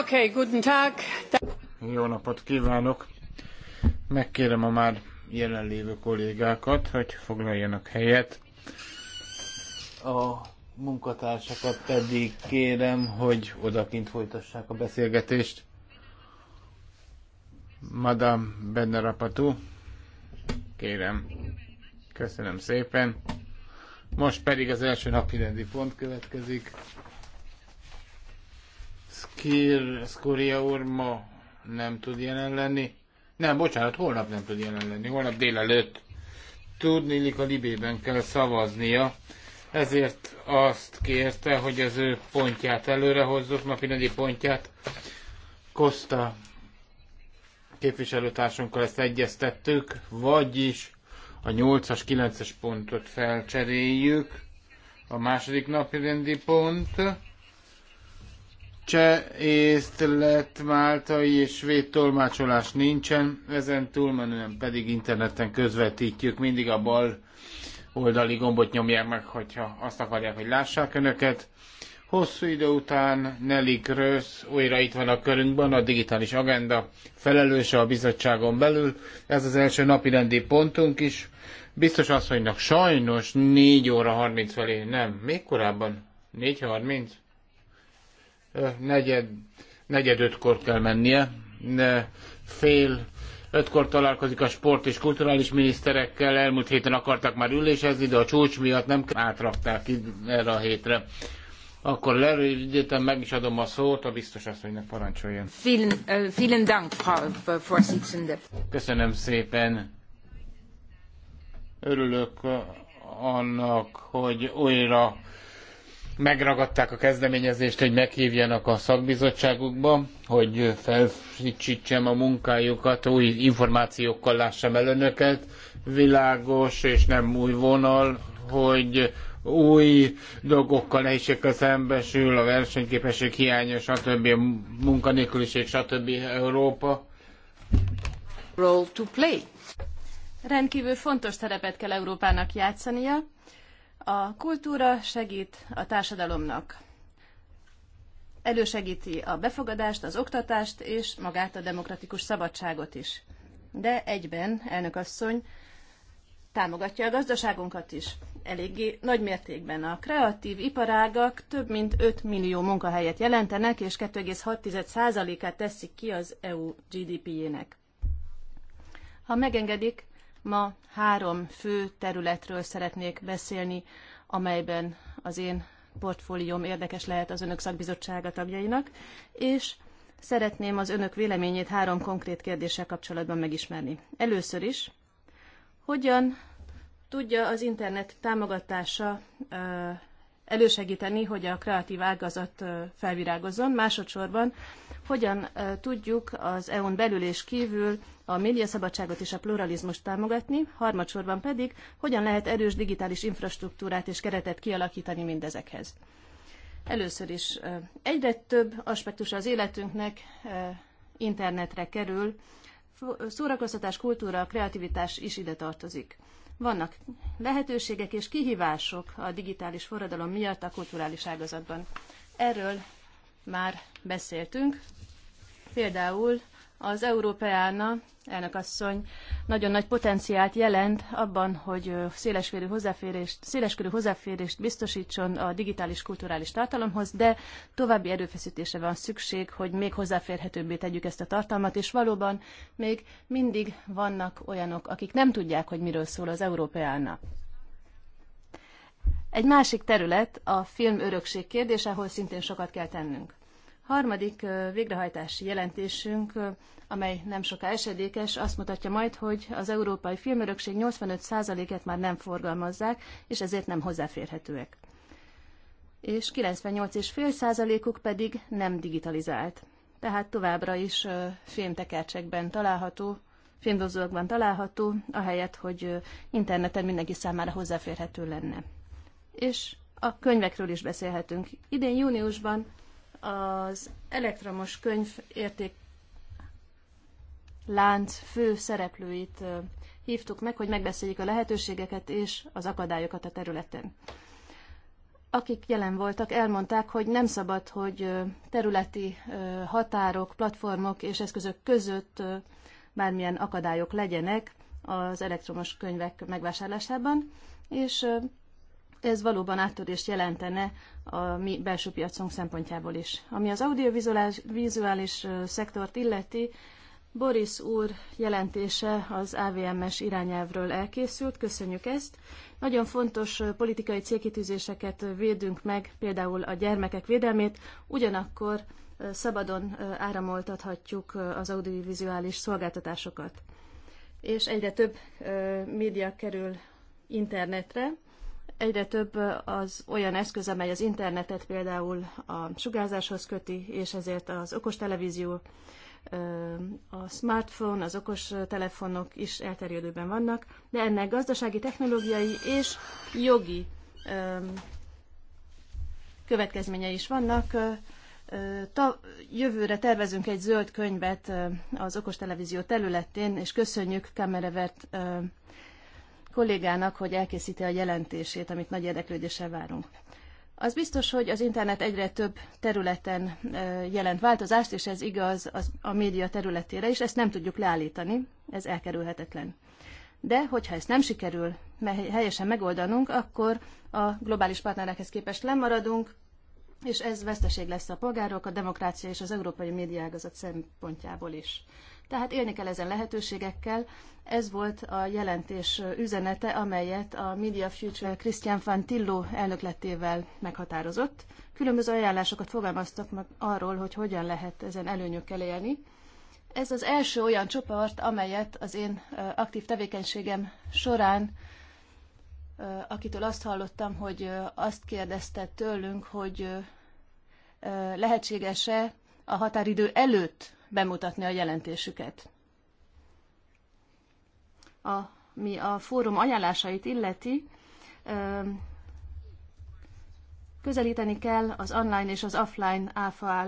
Okay, guten Tag. Jó napot kívánok! Megkérem a már jelenlévő kollégákat, hogy foglaljanak helyet. A munkatársakat pedig kérem, hogy odakint folytassák a beszélgetést. Madame Bennerapatú, kérem, köszönöm szépen. Most pedig az első napi rendi pont következik. Skir, Skuria úr ma nem tud jelen lenni. Nem, bocsánat, holnap nem tud jelen lenni, holnap délelőtt. Tudnélik a libében kell szavaznia, ezért azt kérte, hogy az ő pontját előre hozzuk, napi pontját. Kosta képviselőtársunkkal ezt egyeztettük, vagyis a 8-as, 9-es pontot felcseréljük. A második napi rendi pont Cseh, észt, lett, máltai és svéd tolmácsolás nincsen, ezen túlmenően pedig interneten közvetítjük, mindig a bal oldali gombot nyomják meg, hogyha azt akarják, hogy lássák önöket. Hosszú idő után Nelly Krösz újra itt van a körünkben, a digitális agenda felelőse a bizottságon belül. Ez az első napi rendi pontunk is. Biztos asszonynak sajnos 4 óra 30 felé, nem, még korábban, 4.30? negyed, negyed ötkor kell mennie, fél ötkor találkozik a sport és kulturális miniszterekkel, elmúlt héten akartak már ülésezni, de a csúcs miatt nem átrakták erre a hétre. Akkor lerődítem, meg is adom a szót a biztos asszonynak parancsoljon. Vielen äh, Dank, Frau äh, Vorsitzende. Köszönöm szépen. Örülök äh, annak, hogy újra megragadták a kezdeményezést, hogy meghívjanak a szakbizottságukba, hogy felfrissítsem a munkájukat, új információkkal lássam el önöket. Világos és nem új vonal, hogy új dolgokkal, nehézségekkel szembesül, a versenyképesség hiánya, stb. a munkanélküliség, stb. Európa. Role to play. Rendkívül fontos szerepet kell Európának játszania, a kultúra segít a társadalomnak. Elősegíti a befogadást, az oktatást és magát a demokratikus szabadságot is. De egyben, elnök asszony, támogatja a gazdaságunkat is. Eléggé nagy mértékben a kreatív iparágak több mint 5 millió munkahelyet jelentenek, és 2,6%-át teszik ki az EU GDP-jének. Ha megengedik, Ma három fő területről szeretnék beszélni, amelyben az én portfólióm érdekes lehet az önök szakbizottsága tagjainak, és szeretném az önök véleményét három konkrét kérdéssel kapcsolatban megismerni. Először is, hogyan tudja az internet támogatása elősegíteni, hogy a kreatív ágazat felvirágozzon. Másodszorban, hogyan tudjuk az EU-n belül és kívül a médiaszabadságot és a pluralizmust támogatni, harmadsorban pedig, hogyan lehet erős digitális infrastruktúrát és keretet kialakítani mindezekhez. Először is egyre több aspektus az életünknek internetre kerül, szórakoztatás, kultúra, kreativitás is ide tartozik. Vannak lehetőségek és kihívások a digitális forradalom miatt a kulturális ágazatban. Erről már beszéltünk, például az Európeána, asszony, nagyon nagy potenciált jelent abban, hogy széleskörű hozzáférést, széleskörű hozzáférést biztosítson a digitális kulturális tartalomhoz, de további erőfeszítésre van szükség, hogy még hozzáférhetőbbé tegyük ezt a tartalmat, és valóban még mindig vannak olyanok, akik nem tudják, hogy miről szól az Európeána. Egy másik terület a film örökség kérdése, ahol szintén sokat kell tennünk. Harmadik végrehajtási jelentésünk, amely nem soká esedékes, azt mutatja majd, hogy az európai filmörökség 85%-et már nem forgalmazzák, és ezért nem hozzáférhetőek. És 98,5%-uk pedig nem digitalizált. Tehát továbbra is filmtekercsekben található, filmdozókban található, ahelyett, hogy interneten mindenki számára hozzáférhető lenne. És a könyvekről is beszélhetünk. Idén júniusban az elektromos könyv érték lánc fő szereplőit hívtuk meg, hogy megbeszéljék a lehetőségeket és az akadályokat a területen. Akik jelen voltak, elmondták, hogy nem szabad, hogy területi határok, platformok és eszközök között bármilyen akadályok legyenek az elektromos könyvek megvásárlásában, és ez valóban áttörést jelentene a mi belső piacunk szempontjából is. Ami az audiovizuális szektort illeti, Boris úr jelentése az AVMS irányelvről elkészült, köszönjük ezt. Nagyon fontos politikai célkitűzéseket védünk meg, például a gyermekek védelmét, ugyanakkor szabadon áramoltathatjuk az audiovizuális szolgáltatásokat. És egyre több média kerül internetre, Egyre több az olyan eszköz, amely az internetet például a sugárzáshoz köti, és ezért az okos televízió, a smartphone, az okos telefonok is elterjedőben vannak, de ennek gazdasági, technológiai és jogi következményei is vannak. Jövőre tervezünk egy zöld könyvet az okos televízió területén, és köszönjük Kamerevert kollégának, hogy elkészíti a jelentését, amit nagy érdeklődéssel várunk. Az biztos, hogy az internet egyre több területen jelent változást, és ez igaz a média területére is, ezt nem tudjuk leállítani, ez elkerülhetetlen. De hogyha ezt nem sikerül helyesen megoldanunk, akkor a globális partnerekhez képest lemaradunk, és ez veszteség lesz a polgárok, a demokrácia és az európai médiágazat szempontjából is. Tehát élni kell ezen lehetőségekkel. Ez volt a jelentés üzenete, amelyet a Media Future Christian van Tillo elnökletével meghatározott. Különböző ajánlásokat fogalmaztak meg arról, hogy hogyan lehet ezen előnyökkel élni. Ez az első olyan csoport, amelyet az én aktív tevékenységem során akitől azt hallottam, hogy azt kérdezte tőlünk, hogy lehetséges-e a határidő előtt bemutatni a jelentésüket. A, mi a fórum ajánlásait illeti, közelíteni kell az online és az offline áfa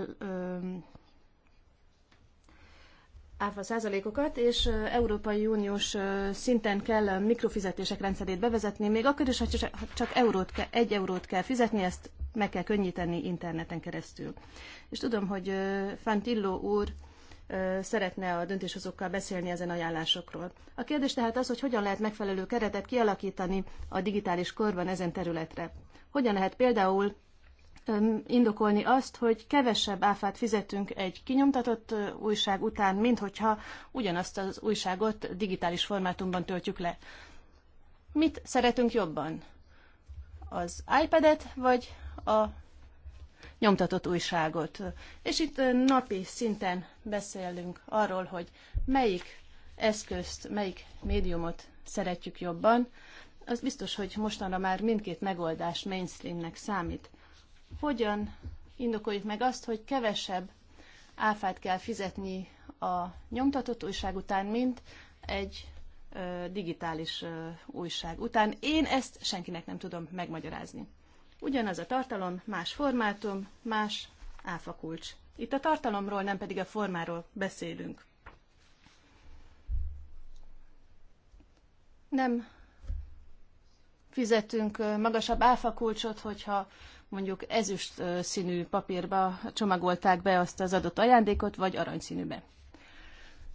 áfa százalékokat, és Európai Uniós szinten kell a mikrofizetések rendszerét bevezetni, még akkor is, ha csak eurót ke, egy eurót kell fizetni, ezt meg kell könnyíteni interneten keresztül. És tudom, hogy Fantillo úr szeretne a döntéshozókkal beszélni ezen ajánlásokról. A kérdés tehát az, hogy hogyan lehet megfelelő keretet kialakítani a digitális korban ezen területre. Hogyan lehet például indokolni azt, hogy kevesebb áfát fizetünk egy kinyomtatott újság után, mint hogyha ugyanazt az újságot digitális formátumban töltjük le. Mit szeretünk jobban? Az iPad-et vagy a nyomtatott újságot? És itt napi szinten beszélünk arról, hogy melyik eszközt, melyik médiumot szeretjük jobban, az biztos, hogy mostanra már mindkét megoldás mainstreamnek számít hogyan indokoljuk meg azt, hogy kevesebb áfát kell fizetni a nyomtatott újság után, mint egy ö, digitális ö, újság után. Én ezt senkinek nem tudom megmagyarázni. Ugyanaz a tartalom, más formátum, más áfakulcs. Itt a tartalomról, nem pedig a formáról beszélünk. Nem fizetünk magasabb áfakulcsot, hogyha mondjuk ezüst színű papírba csomagolták be azt az adott ajándékot, vagy aranyszínűbe.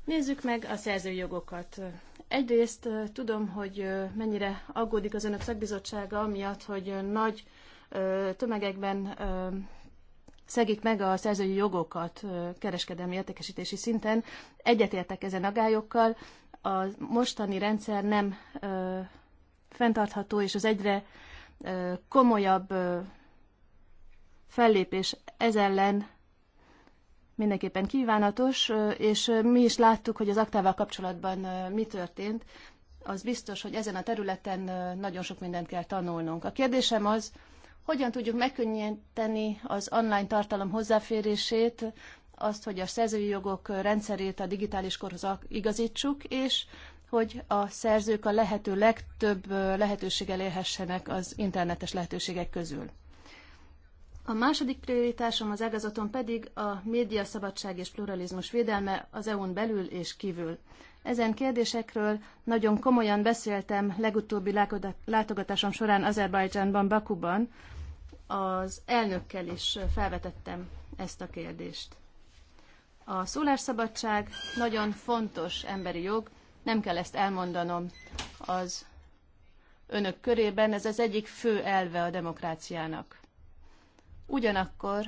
Nézzük meg a szerzőjogokat. Egyrészt tudom, hogy mennyire aggódik az önök szakbizottsága, amiatt, hogy nagy tömegekben szegik meg a szerzői jogokat kereskedelmi értékesítési szinten. Egyetértek ezen agályokkal. A mostani rendszer nem fenntartható, és az egyre komolyabb fellépés ez ellen mindenképpen kívánatos, és mi is láttuk, hogy az aktával kapcsolatban mi történt. Az biztos, hogy ezen a területen nagyon sok mindent kell tanulnunk. A kérdésem az, hogyan tudjuk megkönnyíteni az online tartalom hozzáférését, azt, hogy a szerzői jogok rendszerét a digitális korhoz igazítsuk, és hogy a szerzők a lehető legtöbb lehetőséggel élhessenek az internetes lehetőségek közül. A második prioritásom az ágazaton pedig a média szabadság és pluralizmus védelme az EU-n belül és kívül. Ezen kérdésekről nagyon komolyan beszéltem legutóbbi látogatásom során Azerbajdzsánban, Bakuban. Az elnökkel is felvetettem ezt a kérdést. A szólásszabadság nagyon fontos emberi jog, nem kell ezt elmondanom az önök körében, ez az egyik fő elve a demokráciának Ugyanakkor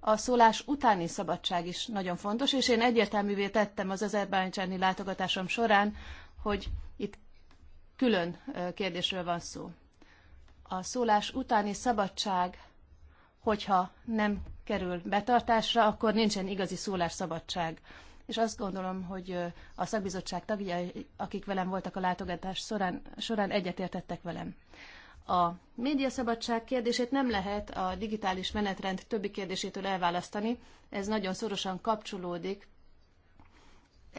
a szólás utáni szabadság is nagyon fontos, és én egyértelművé tettem az azerbajdzsáni látogatásom során, hogy itt külön kérdésről van szó. A szólás utáni szabadság, hogyha nem kerül betartásra, akkor nincsen igazi szólásszabadság. És azt gondolom, hogy a szakbizottság tagjai, akik velem voltak a látogatás során, során egyetértettek velem. A médiaszabadság kérdését nem lehet a digitális menetrend többi kérdésétől elválasztani, ez nagyon szorosan kapcsolódik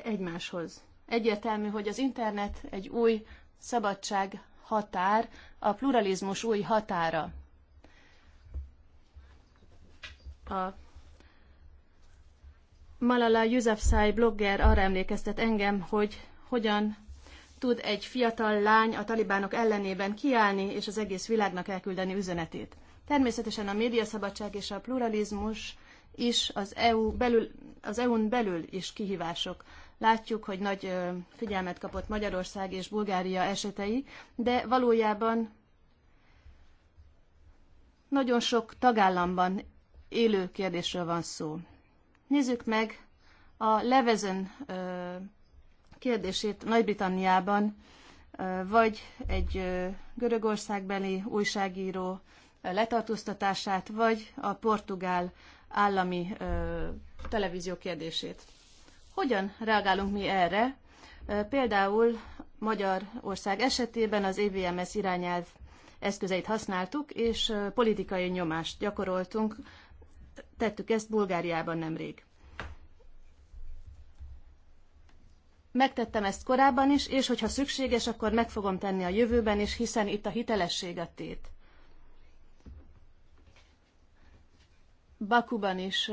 egymáshoz. Egyértelmű, hogy az internet egy új szabadság határ, a pluralizmus új határa. A Malala Yousafzai blogger arra emlékeztet engem, hogy hogyan tud egy fiatal lány a talibánok ellenében kiállni és az egész világnak elküldeni üzenetét. Természetesen a médiaszabadság és a pluralizmus is az, EU belül, az EU-n belül is kihívások. Látjuk, hogy nagy figyelmet kapott Magyarország és Bulgária esetei, de valójában nagyon sok tagállamban élő kérdésről van szó. Nézzük meg a Levezen kérdését Nagy-Britanniában vagy egy görögországbeli újságíró letartóztatását, vagy a portugál állami televízió kérdését. Hogyan reagálunk mi erre? Például Magyarország esetében az EVMS irányelv eszközeit használtuk, és politikai nyomást gyakoroltunk. Tettük ezt Bulgáriában nemrég. Megtettem ezt korábban is, és hogyha szükséges, akkor meg fogom tenni a jövőben is, hiszen itt a hitelesség a tét. Bakuban is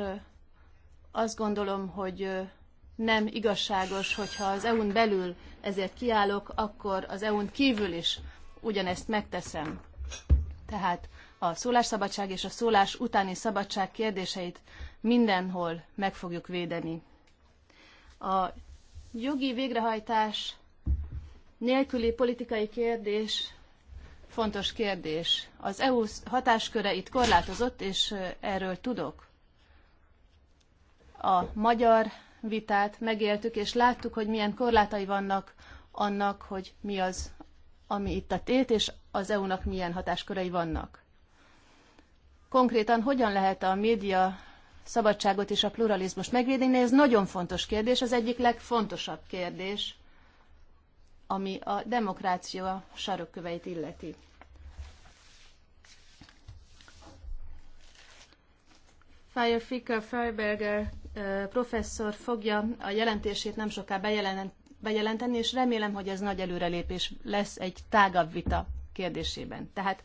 azt gondolom, hogy nem igazságos, hogyha az EU-n belül ezért kiállok, akkor az EU-n kívül is ugyanezt megteszem. Tehát a szólásszabadság és a szólás utáni szabadság kérdéseit mindenhol meg fogjuk védeni. A jogi végrehajtás nélküli politikai kérdés fontos kérdés. Az EU hatásköre itt korlátozott, és erről tudok. A magyar vitát megéltük, és láttuk, hogy milyen korlátai vannak annak, hogy mi az, ami itt a tét, és az EU-nak milyen hatáskörei vannak. Konkrétan hogyan lehet a média szabadságot és a pluralizmus. megvédeni. Ez nagyon fontos kérdés, az egyik legfontosabb kérdés, ami a demokrácia sarokköveit illeti. Fire Ficker Freiberger professzor fogja a jelentését nem soká bejelenteni, és remélem, hogy ez nagy előrelépés lesz egy tágabb vita kérdésében. Tehát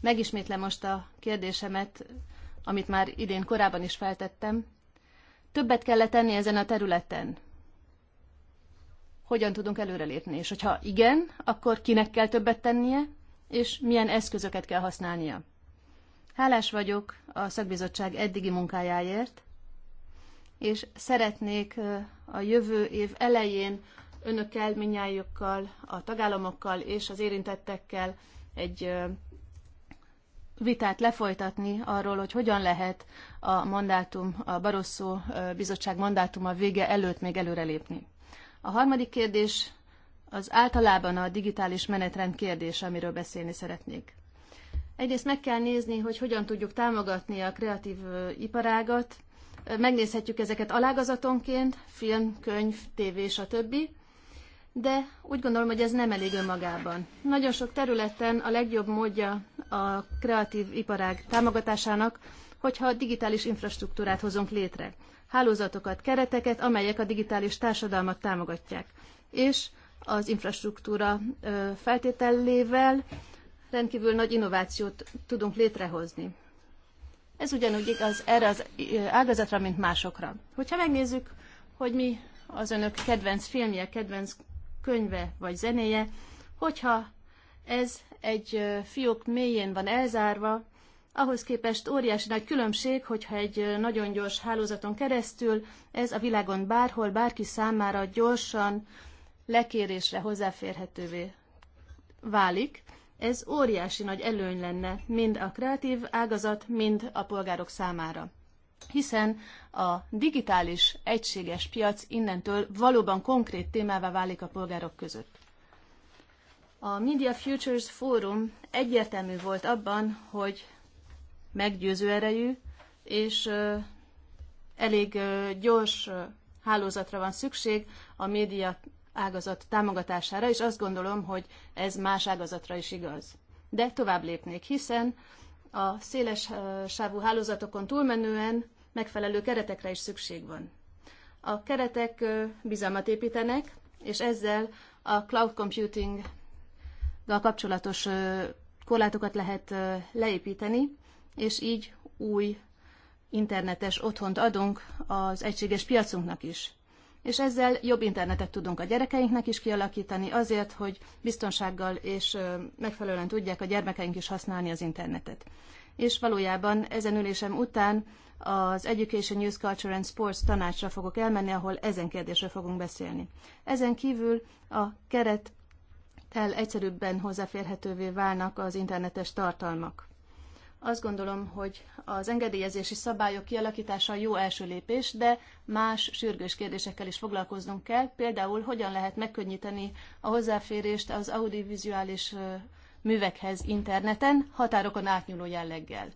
megismétlem most a kérdésemet, amit már idén korábban is feltettem, többet kell tenni ezen a területen. Hogyan tudunk előrelépni? És hogyha igen, akkor kinek kell többet tennie, és milyen eszközöket kell használnia? Hálás vagyok a szakbizottság eddigi munkájáért, és szeretnék a jövő év elején önökkel, minnyájukkal, a tagállamokkal és az érintettekkel egy vitát lefolytatni arról, hogy hogyan lehet a mandátum, a Barosszó bizottság mandátuma vége előtt még előrelépni. A harmadik kérdés az általában a digitális menetrend kérdése, amiről beszélni szeretnék. Egyrészt meg kell nézni, hogy hogyan tudjuk támogatni a kreatív iparágat. Megnézhetjük ezeket alágazatonként, film, könyv, tévé és a többi de úgy gondolom, hogy ez nem elég önmagában. Nagyon sok területen a legjobb módja a kreatív iparág támogatásának, hogyha digitális infrastruktúrát hozunk létre. Hálózatokat, kereteket, amelyek a digitális társadalmat támogatják. És az infrastruktúra feltétellével rendkívül nagy innovációt tudunk létrehozni. Ez ugyanúgy igaz erre az ágazatra, mint másokra. Hogyha megnézzük, hogy mi az önök kedvenc filmje, kedvenc könyve vagy zenéje, hogyha ez egy fiók mélyén van elzárva, ahhoz képest óriási nagy különbség, hogyha egy nagyon gyors hálózaton keresztül ez a világon bárhol, bárki számára gyorsan lekérésre hozzáférhetővé válik. Ez óriási nagy előny lenne mind a kreatív ágazat, mind a polgárok számára hiszen a digitális egységes piac innentől valóban konkrét témává válik a polgárok között. A Media Futures Forum egyértelmű volt abban, hogy meggyőző erejű és elég gyors hálózatra van szükség a média ágazat támogatására, és azt gondolom, hogy ez más ágazatra is igaz. De tovább lépnék, hiszen a széles sávú hálózatokon túlmenően megfelelő keretekre is szükség van. A keretek bizalmat építenek, és ezzel a cloud computing kapcsolatos korlátokat lehet leépíteni, és így új internetes otthont adunk az egységes piacunknak is és ezzel jobb internetet tudunk a gyerekeinknek is kialakítani azért, hogy biztonsággal és megfelelően tudják a gyermekeink is használni az internetet. És valójában ezen ülésem után az Education, Youth Culture and Sports tanácsra fogok elmenni, ahol ezen kérdésről fogunk beszélni. Ezen kívül a keret el egyszerűbben hozzáférhetővé válnak az internetes tartalmak. Azt gondolom, hogy az engedélyezési szabályok kialakítása jó első lépés, de más sürgős kérdésekkel is foglalkoznunk kell, például hogyan lehet megkönnyíteni a hozzáférést az audiovizuális művekhez interneten, határokon átnyúló jelleggel.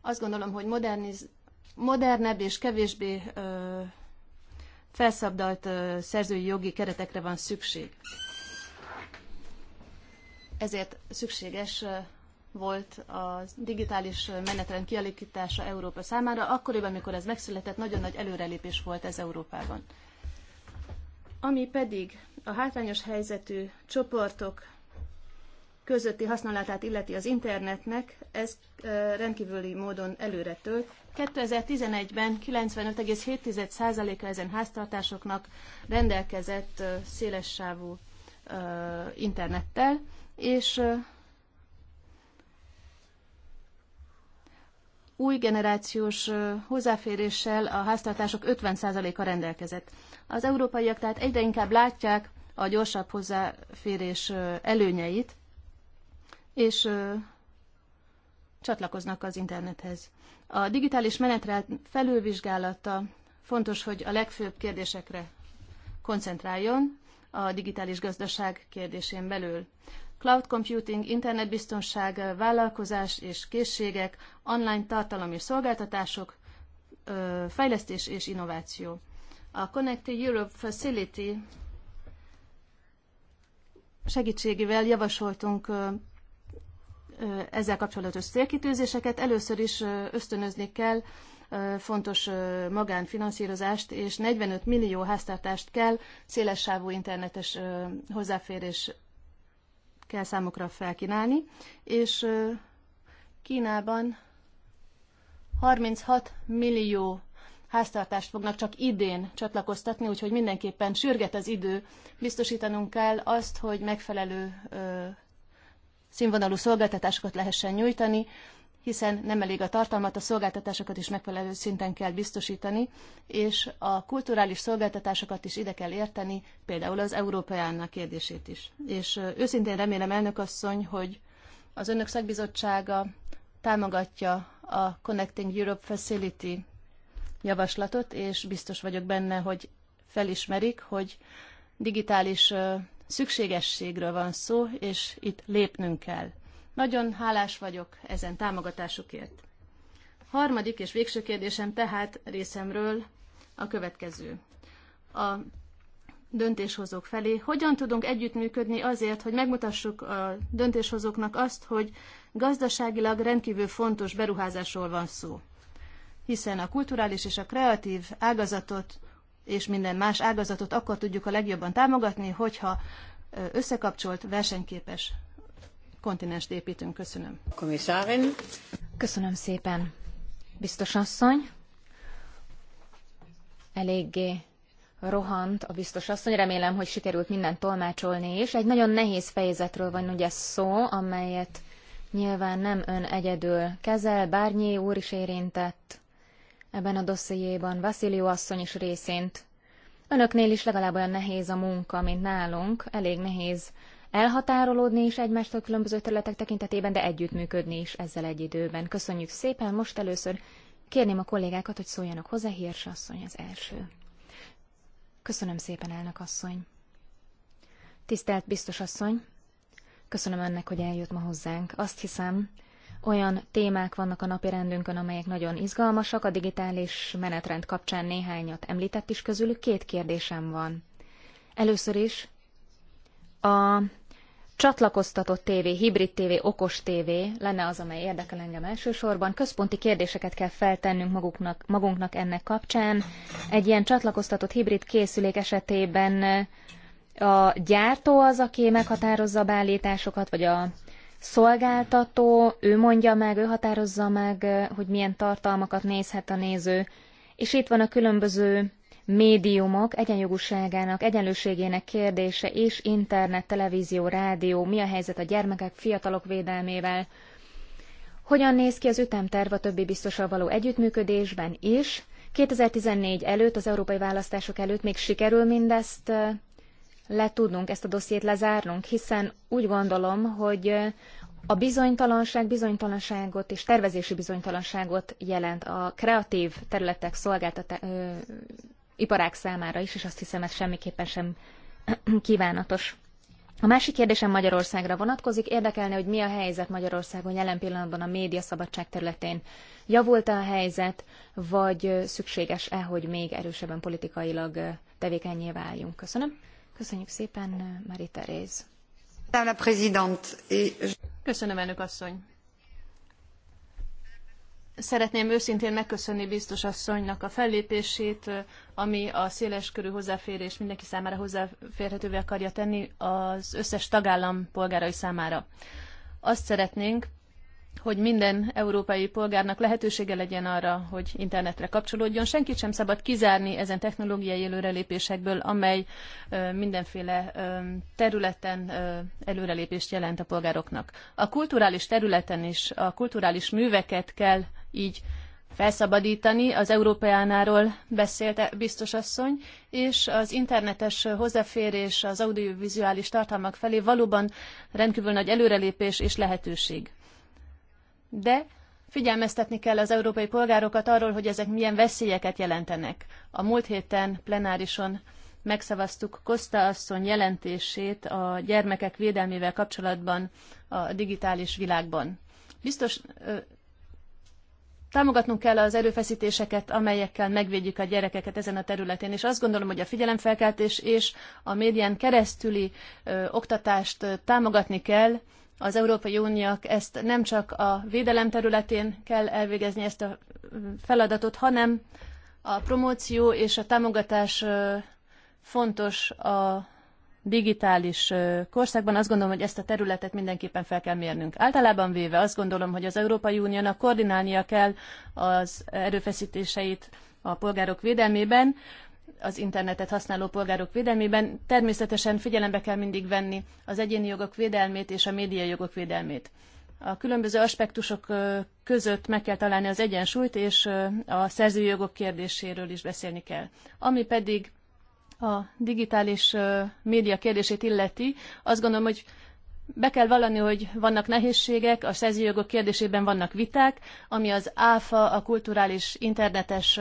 Azt gondolom, hogy moderniz, modernebb és kevésbé ö, felszabdalt ö, szerzői jogi keretekre van szükség. Ezért szükséges volt a digitális menetrend kialakítása Európa számára. Akkoriban, amikor ez megszületett, nagyon nagy előrelépés volt ez Európában. Ami pedig a hátrányos helyzetű csoportok közötti használatát illeti az internetnek, ez rendkívüli módon előre től. 2011-ben 95,7%-a ezen háztartásoknak rendelkezett szélessávú internettel, és új generációs hozzáféréssel a háztartások 50%-a rendelkezett. Az európaiak tehát egyre inkább látják a gyorsabb hozzáférés előnyeit, és csatlakoznak az internethez. A digitális menetrend felülvizsgálata fontos, hogy a legfőbb kérdésekre koncentráljon a digitális gazdaság kérdésén belül cloud computing, internetbiztonság, vállalkozás és készségek, online tartalom és szolgáltatások, fejlesztés és innováció. A Connected Europe Facility segítségével javasoltunk ezzel kapcsolatos célkitűzéseket. Először is ösztönözni kell fontos magánfinanszírozást, és 45 millió háztartást kell szélessávú internetes hozzáférés kell számokra felkínálni, és Kínában 36 millió háztartást fognak csak idén csatlakoztatni, úgyhogy mindenképpen sürget az idő. Biztosítanunk kell azt, hogy megfelelő ö, színvonalú szolgáltatásokat lehessen nyújtani, hiszen nem elég a tartalmat, a szolgáltatásokat is megfelelő szinten kell biztosítani, és a kulturális szolgáltatásokat is ide kell érteni, például az Európeánnak kérdését is. És őszintén remélem, elnök asszony, hogy az önök szakbizottsága támogatja a Connecting Europe Facility javaslatot, és biztos vagyok benne, hogy felismerik, hogy digitális szükségességről van szó, és itt lépnünk kell. Nagyon hálás vagyok ezen támogatásukért. Harmadik és végső kérdésem tehát részemről a következő. A döntéshozók felé. Hogyan tudunk együttműködni azért, hogy megmutassuk a döntéshozóknak azt, hogy gazdaságilag rendkívül fontos beruházásról van szó? Hiszen a kulturális és a kreatív ágazatot és minden más ágazatot akkor tudjuk a legjobban támogatni, hogyha összekapcsolt, versenyképes kontinenst építünk. Köszönöm. Komisárin, Köszönöm szépen. Biztos asszony, eléggé rohant a biztos asszony, remélem, hogy sikerült mindent tolmácsolni is. Egy nagyon nehéz fejezetről van ugye szó, amelyet nyilván nem ön egyedül kezel, Bárnyé úr is érintett ebben a dossziéban, Vaszilió asszony is részint. Önöknél is legalább olyan nehéz a munka, mint nálunk, elég nehéz elhatárolódni is egymástól különböző területek tekintetében, de együttműködni is ezzel egy időben. Köszönjük szépen, most először kérném a kollégákat, hogy szóljanak hozzá, Hírs asszony az első. Köszönöm szépen, elnök asszony. Tisztelt biztos asszony, köszönöm önnek, hogy eljött ma hozzánk. Azt hiszem, olyan témák vannak a napi rendünkön, amelyek nagyon izgalmasak, a digitális menetrend kapcsán néhányat említett is közülük. Két kérdésem van. Először is, a csatlakoztatott tévé, hibrid tévé, okos tévé lenne az, amely érdekel engem elsősorban. Központi kérdéseket kell feltennünk maguknak, magunknak ennek kapcsán. Egy ilyen csatlakoztatott hibrid készülék esetében a gyártó az, aki meghatározza a beállításokat, vagy a szolgáltató, ő mondja meg, ő határozza meg, hogy milyen tartalmakat nézhet a néző. És itt van a különböző médiumok egyenjogúságának, egyenlőségének kérdése és internet, televízió, rádió, mi a helyzet a gyermekek, fiatalok védelmével, hogyan néz ki az ütemterv a többi biztosal való együttműködésben is. 2014 előtt, az európai választások előtt még sikerül mindezt le tudnunk ezt a dossziét lezárnunk, hiszen úgy gondolom, hogy a bizonytalanság bizonytalanságot és tervezési bizonytalanságot jelent a kreatív területek szolgáltatá- iparág számára is, és azt hiszem ez semmiképpen sem kívánatos. A másik kérdésem Magyarországra vonatkozik. Érdekelne, hogy mi a helyzet Magyarországon jelen pillanatban a média szabadság területén. Javult-e a helyzet, vagy szükséges-e, hogy még erősebben politikailag tevékenyé váljunk? Köszönöm. Köszönjük szépen, Marie Teréz. Köszönöm, elnök asszony. Szeretném őszintén megköszönni biztos asszonynak a fellépését, ami a széles körű hozzáférés mindenki számára hozzáférhetővé akarja tenni az összes tagállam polgárai számára. Azt szeretnénk, hogy minden európai polgárnak lehetősége legyen arra, hogy internetre kapcsolódjon. Senkit sem szabad kizárni ezen technológiai előrelépésekből, amely mindenféle területen előrelépést jelent a polgároknak. A kulturális területen is a kulturális műveket kell így felszabadítani. Az Európeánáról beszélt biztos asszony, és az internetes hozzáférés az audiovizuális tartalmak felé valóban rendkívül nagy előrelépés és lehetőség. De figyelmeztetni kell az európai polgárokat arról, hogy ezek milyen veszélyeket jelentenek. A múlt héten plenárison megszavaztuk Kosta asszony jelentését a gyermekek védelmével kapcsolatban a digitális világban. Biztos Támogatnunk kell az erőfeszítéseket, amelyekkel megvédjük a gyerekeket ezen a területén, és azt gondolom, hogy a figyelemfelkeltés és a médián keresztüli ö, oktatást ö, támogatni kell. Az Európai Uniók ezt nem csak a védelem területén kell elvégezni ezt a feladatot, hanem a promóció és a támogatás ö, fontos a digitális korszakban azt gondolom, hogy ezt a területet mindenképpen fel kell mérnünk. Általában véve azt gondolom, hogy az Európai Uniónak koordinálnia kell az erőfeszítéseit a polgárok védelmében, az internetet használó polgárok védelmében. Természetesen figyelembe kell mindig venni az egyéni jogok védelmét és a média jogok védelmét. A különböző aspektusok között meg kell találni az egyensúlyt, és a szerzőjogok kérdéséről is beszélni kell. Ami pedig a digitális média kérdését illeti, azt gondolom, hogy be kell vallani, hogy vannak nehézségek, a szerzőjogok kérdésében vannak viták, ami az áfa, a kulturális internetes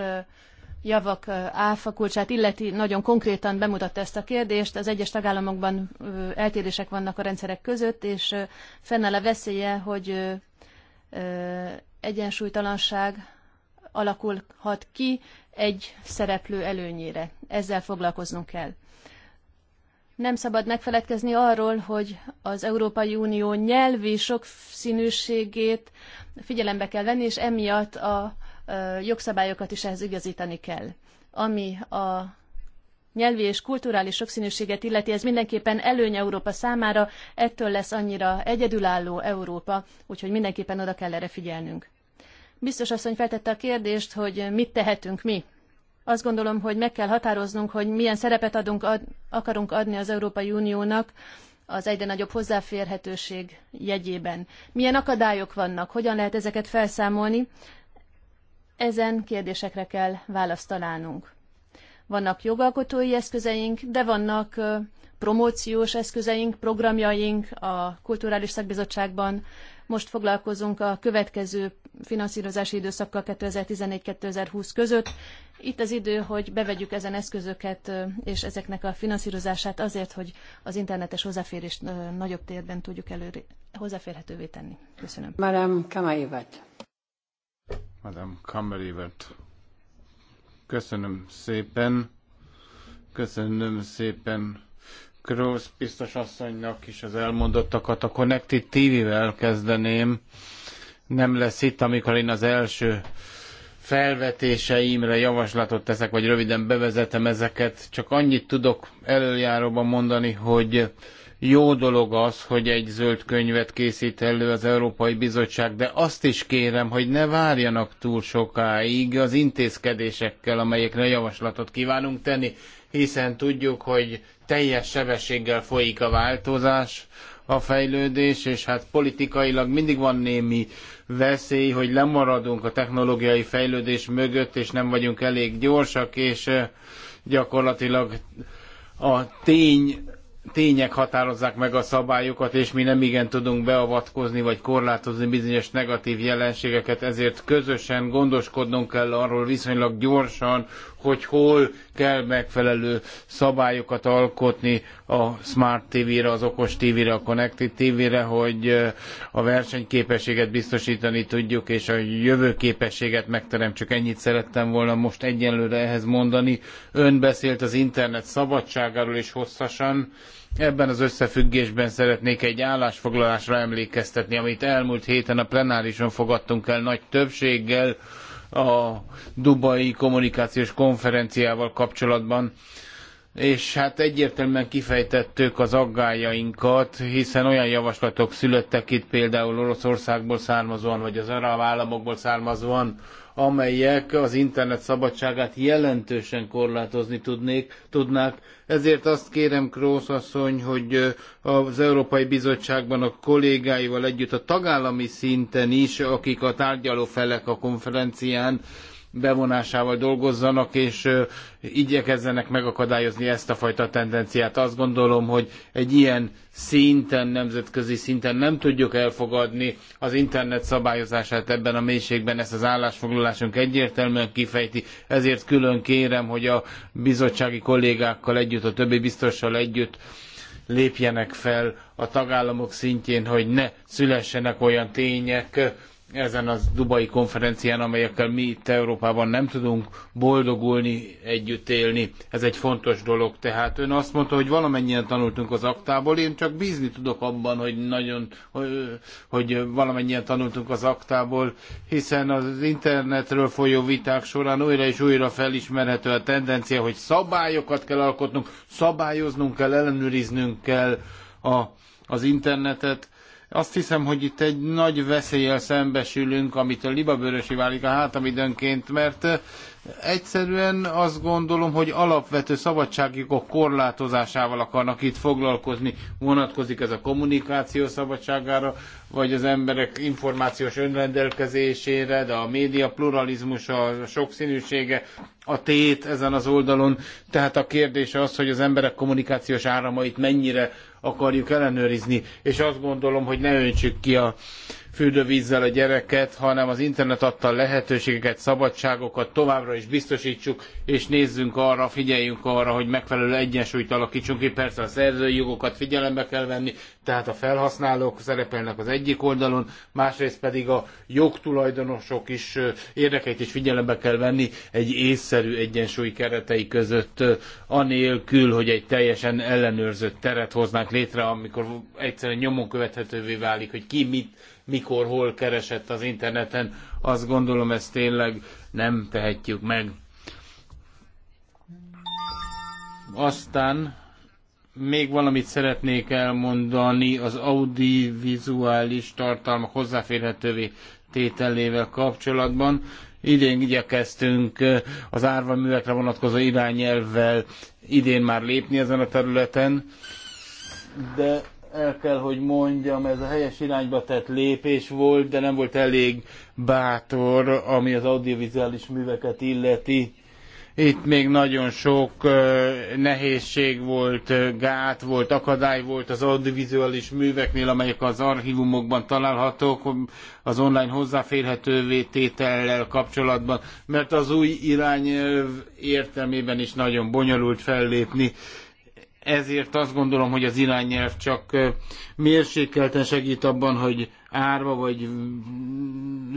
javak áfa kulcsát illeti, nagyon konkrétan bemutatta ezt a kérdést. Az egyes tagállamokban eltérések vannak a rendszerek között, és fennáll a veszélye, hogy egyensúlytalanság alakulhat ki egy szereplő előnyére. Ezzel foglalkoznunk kell. Nem szabad megfeledkezni arról, hogy az Európai Unió nyelvi sokszínűségét figyelembe kell venni, és emiatt a jogszabályokat is ehhez igazítani kell. Ami a nyelvi és kulturális sokszínűséget illeti, ez mindenképpen előny Európa számára, ettől lesz annyira egyedülálló Európa, úgyhogy mindenképpen oda kell erre figyelnünk. Biztos asszony feltette a kérdést, hogy mit tehetünk mi. Azt gondolom, hogy meg kell határoznunk, hogy milyen szerepet adunk, ad, akarunk adni az Európai Uniónak az egyre nagyobb hozzáférhetőség jegyében. Milyen akadályok vannak, hogyan lehet ezeket felszámolni, ezen kérdésekre kell választ találnunk. Vannak jogalkotói eszközeink, de vannak promóciós eszközeink, programjaink a Kulturális Szakbizottságban, most foglalkozunk a következő finanszírozási időszakkal 2014-2020 között. Itt az idő, hogy bevegyük ezen eszközöket és ezeknek a finanszírozását azért, hogy az internetes hozzáférést nagyobb térben tudjuk előre hozzáférhetővé tenni. Köszönöm. Madame Kamaivet. Madame Kamaivet. Köszönöm szépen. Köszönöm szépen Krósz biztos asszonynak is az elmondottakat. A Connected TV-vel kezdeném. Nem lesz itt, amikor én az első felvetéseimre javaslatot teszek, vagy röviden bevezetem ezeket. Csak annyit tudok előjáróban mondani, hogy jó dolog az, hogy egy zöld könyvet készít elő az Európai Bizottság, de azt is kérem, hogy ne várjanak túl sokáig az intézkedésekkel, amelyekre javaslatot kívánunk tenni hiszen tudjuk, hogy teljes sebességgel folyik a változás, a fejlődés, és hát politikailag mindig van némi veszély, hogy lemaradunk a technológiai fejlődés mögött, és nem vagyunk elég gyorsak, és gyakorlatilag a tény, tények határozzák meg a szabályokat, és mi nem igen tudunk beavatkozni vagy korlátozni bizonyos negatív jelenségeket, ezért közösen gondoskodnunk kell arról viszonylag gyorsan, hogy hol kell megfelelő szabályokat alkotni a Smart TV-re, az okos TV-re, a Connected TV-re, hogy a versenyképességet biztosítani tudjuk, és a jövőképességet megteremtsük. Ennyit szerettem volna most egyenlőre ehhez mondani. Ön beszélt az internet szabadságáról is hosszasan. Ebben az összefüggésben szeretnék egy állásfoglalásra emlékeztetni, amit elmúlt héten a plenárison fogadtunk el nagy többséggel, a Dubai kommunikációs konferenciával kapcsolatban és hát egyértelműen kifejtettük az aggájainkat, hiszen olyan javaslatok születtek itt például Oroszországból származóan, vagy az arab államokból származóan, amelyek az internet szabadságát jelentősen korlátozni tudnék, tudnák. Ezért azt kérem, Krósz asszony, hogy az Európai Bizottságban a kollégáival együtt a tagállami szinten is, akik a tárgyaló felek a konferencián, bevonásával dolgozzanak, és igyekezzenek megakadályozni ezt a fajta tendenciát. Azt gondolom, hogy egy ilyen szinten, nemzetközi szinten nem tudjuk elfogadni az internet szabályozását ebben a mélységben, ezt az állásfoglalásunk egyértelműen kifejti, ezért külön kérem, hogy a bizottsági kollégákkal együtt, a többi biztossal együtt lépjenek fel a tagállamok szintjén, hogy ne szülessenek olyan tények, ezen az Dubai konferencián, amelyekkel mi itt Európában nem tudunk boldogulni, együtt élni. Ez egy fontos dolog. Tehát ön azt mondta, hogy valamennyien tanultunk az aktából, én csak bízni tudok abban, hogy nagyon, hogy, hogy valamennyien tanultunk az aktából, hiszen az internetről folyó viták során újra és újra felismerhető a tendencia, hogy szabályokat kell alkotnunk, szabályoznunk kell, ellenőriznünk kell a, az internetet, azt hiszem, hogy itt egy nagy veszéllyel szembesülünk, amitől libabőrösi válik a hátam időnként, mert egyszerűen azt gondolom, hogy alapvető szabadságjogok korlátozásával akarnak itt foglalkozni. Vonatkozik ez a kommunikáció szabadságára, vagy az emberek információs önrendelkezésére, de a média pluralizmusa, a sokszínűsége, a tét ezen az oldalon. Tehát a kérdés az, hogy az emberek kommunikációs áramait mennyire akarjuk ellenőrizni, és azt gondolom, hogy ne öntsük ki a fürdővízzel a gyereket, hanem az internet adta lehetőségeket, szabadságokat továbbra is biztosítsuk, és nézzünk arra, figyeljünk arra, hogy megfelelő egyensúlyt alakítsunk ki. Persze a szerzői jogokat figyelembe kell venni, tehát a felhasználók szerepelnek az egyik oldalon, másrészt pedig a jogtulajdonosok is érdekeit is figyelembe kell venni egy észszerű egyensúly keretei között, anélkül, hogy egy teljesen ellenőrzött teret hoznánk létre, amikor egyszerűen nyomon követhetővé válik, hogy ki mit mikor mikor, hol keresett az interneten, azt gondolom ezt tényleg nem tehetjük meg. Aztán még valamit szeretnék elmondani az audiovizuális tartalmak hozzáférhetővé tételével kapcsolatban. Idén igyekeztünk az árva művekre vonatkozó irányelvvel idén már lépni ezen a területen, de el kell, hogy mondjam, ez a helyes irányba tett lépés volt, de nem volt elég bátor, ami az audiovizuális műveket illeti. Itt még nagyon sok nehézség volt, gát volt, akadály volt az audiovizuális műveknél, amelyek az archívumokban találhatók, az online hozzáférhetővé tétellel kapcsolatban, mert az új irányelv értelmében is nagyon bonyolult fellépni ezért azt gondolom, hogy az irányelv csak mérsékelten segít abban, hogy árva vagy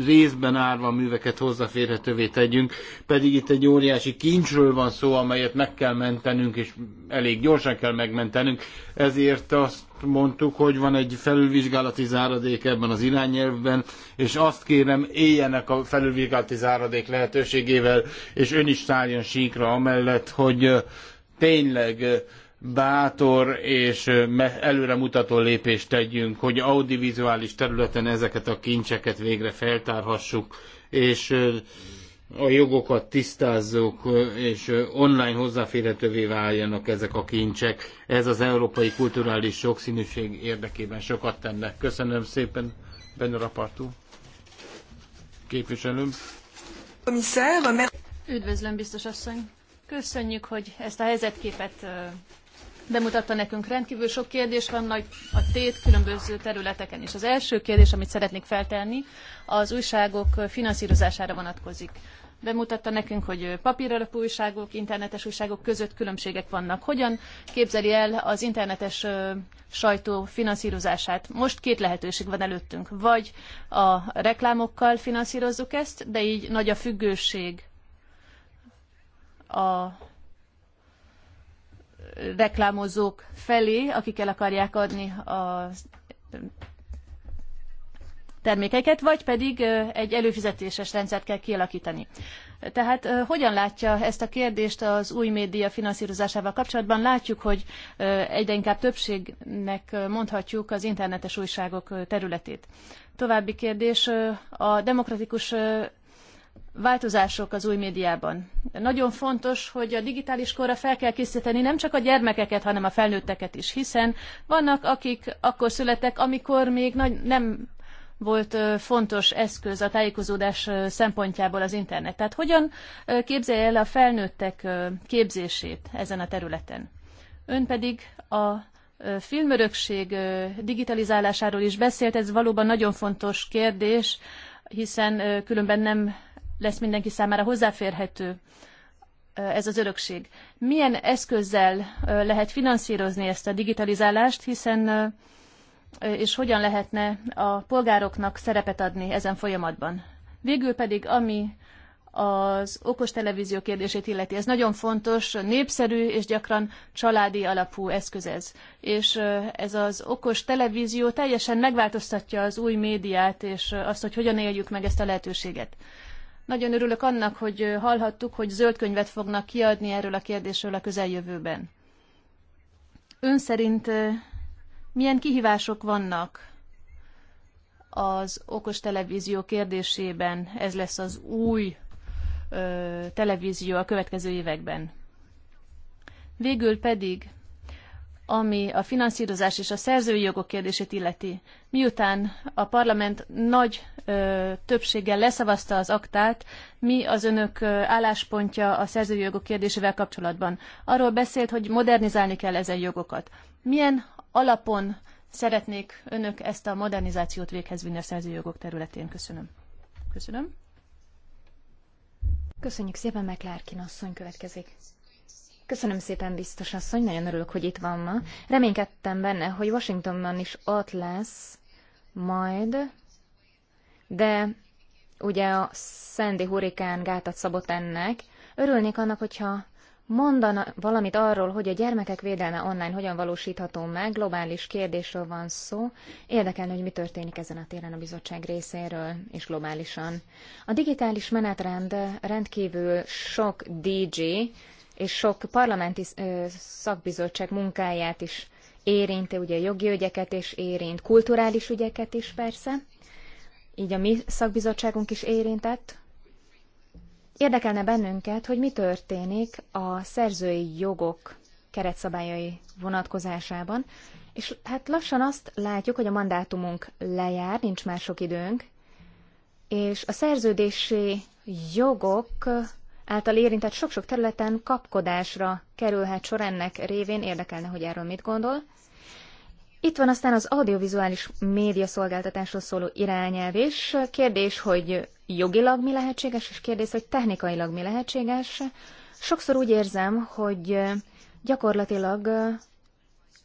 részben árva műveket hozzáférhetővé tegyünk, pedig itt egy óriási kincsről van szó, amelyet meg kell mentenünk, és elég gyorsan kell megmentenünk. Ezért azt mondtuk, hogy van egy felülvizsgálati záradék ebben az irányelvben, és azt kérem, éljenek a felülvizsgálati záradék lehetőségével, és ön is szálljon síkra amellett, hogy tényleg bátor és előremutató lépést tegyünk, hogy audiovizuális területen ezeket a kincseket végre feltárhassuk, és a jogokat tisztázzuk, és online hozzáférhetővé váljanak ezek a kincsek. Ez az európai kulturális sokszínűség érdekében sokat tenne. Köszönöm szépen, Benne Rapartú. Képviselőm. Üdvözlöm, biztos asszony. Köszönjük, hogy ezt a helyzetképet bemutatta nekünk. Rendkívül sok kérdés van, nagy a tét különböző területeken is. Az első kérdés, amit szeretnék feltenni, az újságok finanszírozására vonatkozik. Bemutatta nekünk, hogy papíralapú újságok, internetes újságok között különbségek vannak. Hogyan képzeli el az internetes sajtó finanszírozását? Most két lehetőség van előttünk. Vagy a reklámokkal finanszírozzuk ezt, de így nagy a függőség a reklámozók felé, akik el akarják adni a termékeket, vagy pedig egy előfizetéses rendszert kell kialakítani. Tehát hogyan látja ezt a kérdést az új média finanszírozásával kapcsolatban? Látjuk, hogy egyre inkább többségnek mondhatjuk az internetes újságok területét. További kérdés, a demokratikus változások az új médiában. Nagyon fontos, hogy a digitális korra fel kell készíteni nem csak a gyermekeket, hanem a felnőtteket is, hiszen vannak, akik akkor születtek, amikor még nagy, nem volt fontos eszköz a tájékozódás szempontjából az internet. Tehát hogyan képzelje el a felnőttek képzését ezen a területen? Ön pedig a filmörökség digitalizálásáról is beszélt, ez valóban nagyon fontos kérdés, hiszen különben nem lesz mindenki számára hozzáférhető ez az örökség. Milyen eszközzel lehet finanszírozni ezt a digitalizálást, hiszen és hogyan lehetne a polgároknak szerepet adni ezen folyamatban. Végül pedig, ami az okos televízió kérdését illeti. Ez nagyon fontos, népszerű és gyakran családi alapú eszköz ez. És ez az okos televízió teljesen megváltoztatja az új médiát és azt, hogy hogyan éljük meg ezt a lehetőséget. Nagyon örülök annak, hogy hallhattuk, hogy zöld könyvet fognak kiadni erről a kérdésről a közeljövőben. Ön szerint milyen kihívások vannak az okos televízió kérdésében? Ez lesz az új televízió a következő években. Végül pedig ami a finanszírozás és a szerzői jogok kérdését illeti. Miután a parlament nagy ö, többséggel leszavazta az aktát, mi az önök álláspontja a szerzői jogok kérdésével kapcsolatban? Arról beszélt, hogy modernizálni kell ezen jogokat. Milyen alapon szeretnék önök ezt a modernizációt véghez vinni a szerzői jogok területén? Köszönöm. Köszönöm. Köszönjük szépen, Meklárkin asszony következik. Köszönöm szépen, biztos asszony, nagyon örülök, hogy itt van ma. Reménykedtem benne, hogy Washingtonban is ott lesz majd, de ugye a Sandy hurikán gátat szabott ennek. Örülnék annak, hogyha mondana valamit arról, hogy a gyermekek védelme online hogyan valósítható meg, globális kérdésről van szó. Érdekelne, hogy mi történik ezen a téren a bizottság részéről, és globálisan. A digitális menetrend rendkívül sok DJ és sok parlamenti szakbizottság munkáját is érinti, ugye jogi ügyeket is érint, kulturális ügyeket is persze, így a mi szakbizottságunk is érintett. Érdekelne bennünket, hogy mi történik a szerzői jogok keretszabályai vonatkozásában, és hát lassan azt látjuk, hogy a mandátumunk lejár, nincs már sok időnk, és a szerződési jogok által érintett sok-sok területen kapkodásra kerülhet sor ennek révén, érdekelne, hogy erről mit gondol. Itt van aztán az audiovizuális média szolgáltatásról szóló irányelv is. Kérdés, hogy jogilag mi lehetséges, és kérdés, hogy technikailag mi lehetséges. Sokszor úgy érzem, hogy gyakorlatilag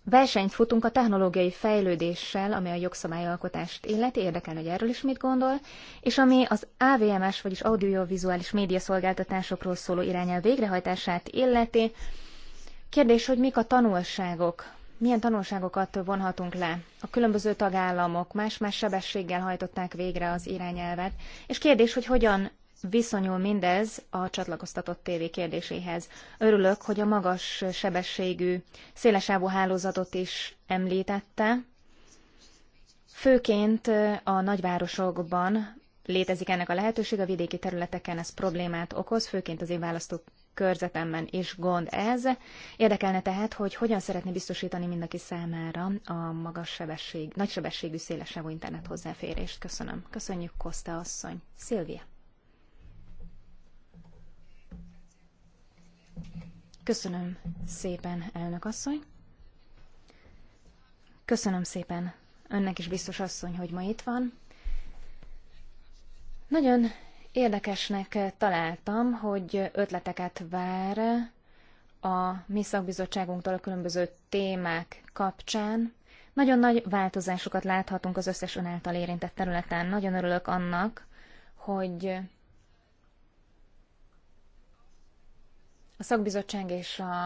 Versenyt futunk a technológiai fejlődéssel, ami a jogszabályalkotást illeti, érdekel, hogy erről is mit gondol, és ami az AVMS, vagyis audiovizuális médiaszolgáltatásokról szóló irányel végrehajtását illeti. Kérdés, hogy mik a tanulságok, milyen tanulságokat vonhatunk le? A különböző tagállamok más-más sebességgel hajtották végre az irányelvet, és kérdés, hogy hogyan viszonyul mindez a csatlakoztatott tévé kérdéséhez. Örülök, hogy a magas sebességű szélesávú hálózatot is említette. Főként a nagyvárosokban létezik ennek a lehetőség, a vidéki területeken ez problémát okoz, főként az én választó körzetemben is gond ez. Érdekelne tehát, hogy hogyan szeretné biztosítani mindenki számára a magas sebesség, nagy sebességű szélesávú internet hozzáférést. Köszönöm. Köszönjük, Koszta asszony. Szilvia. Köszönöm szépen, elnök asszony. Köszönöm szépen önnek is, biztos asszony, hogy ma itt van. Nagyon érdekesnek találtam, hogy ötleteket vár a mi szakbizottságunktól a különböző témák kapcsán. Nagyon nagy változásokat láthatunk az összes önáltal érintett területen. Nagyon örülök annak, hogy A szakbizottság és a,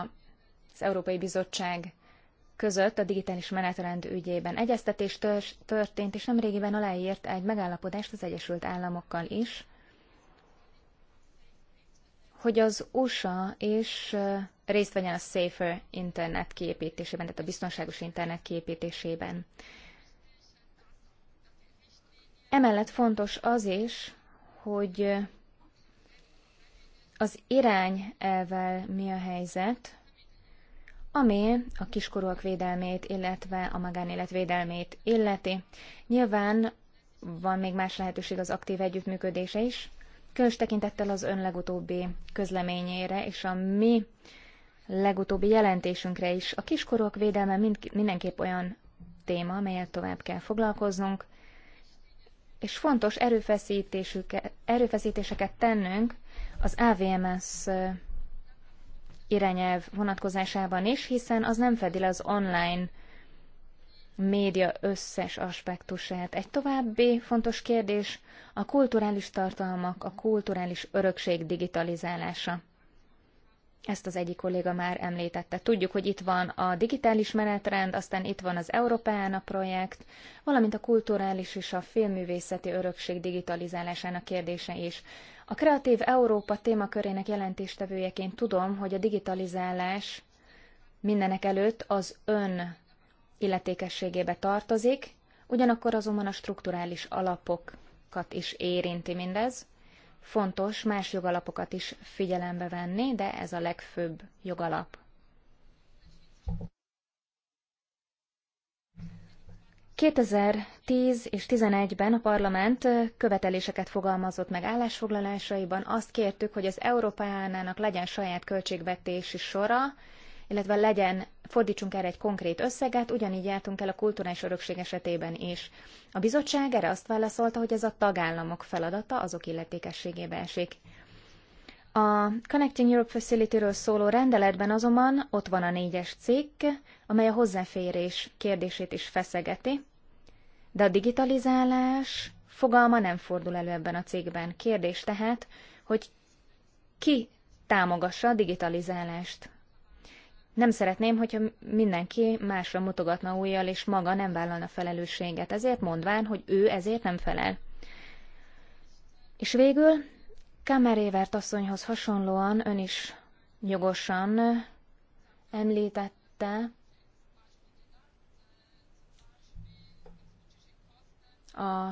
az Európai Bizottság között a digitális menetrend ügyében egyeztetés történt, és nemrégiben aláírt egy megállapodást az Egyesült Államokkal is, hogy az USA is részt vegyen a Safer Internet kiépítésében, tehát a biztonságos internet kiépítésében. Emellett fontos az is, hogy az irány elvel mi a helyzet, ami a kiskorúak védelmét, illetve a magánélet védelmét illeti. Nyilván van még más lehetőség az aktív együttműködése is, különös tekintettel az ön legutóbbi közleményére és a mi legutóbbi jelentésünkre is. A kiskorúak védelme mindenképp olyan téma, amelyet tovább kell foglalkoznunk és fontos erőfeszítéseket tennünk az AVMS irányelv vonatkozásában is, hiszen az nem fedi le az online média összes aspektusát. Egy további fontos kérdés a kulturális tartalmak, a kulturális örökség digitalizálása. Ezt az egyik kolléga már említette. Tudjuk, hogy itt van a digitális menetrend, aztán itt van az Európána projekt, valamint a kulturális és a filmművészeti örökség digitalizálásának kérdése is. A Kreatív Európa témakörének jelentéstevőjeként tudom, hogy a digitalizálás mindenek előtt az ön illetékességébe tartozik, ugyanakkor azonban a strukturális alapokat is érinti mindez, Fontos más jogalapokat is figyelembe venni, de ez a legfőbb jogalap. ...2010 és 2011-ben a parlament követeléseket fogalmazott meg állásfoglalásaiban. Azt kértük, hogy az Európánának legyen saját költségvetési sora, illetve legyen fordítsunk erre egy konkrét összeget, ugyanígy jártunk el a kulturális örökség esetében is. A bizottság erre azt válaszolta, hogy ez a tagállamok feladata, azok illetékességébe esik. A Connecting Europe Facility-ről szóló rendeletben azonban ott van a négyes cikk, amely a hozzáférés kérdését is feszegeti, de a digitalizálás fogalma nem fordul elő ebben a cégben. Kérdés tehát, hogy ki támogassa a digitalizálást nem szeretném, hogyha mindenki másra mutogatna újjal, és maga nem vállalna felelősséget, ezért mondván, hogy ő ezért nem felel. És végül Kamerévert asszonyhoz hasonlóan ön is jogosan említette a,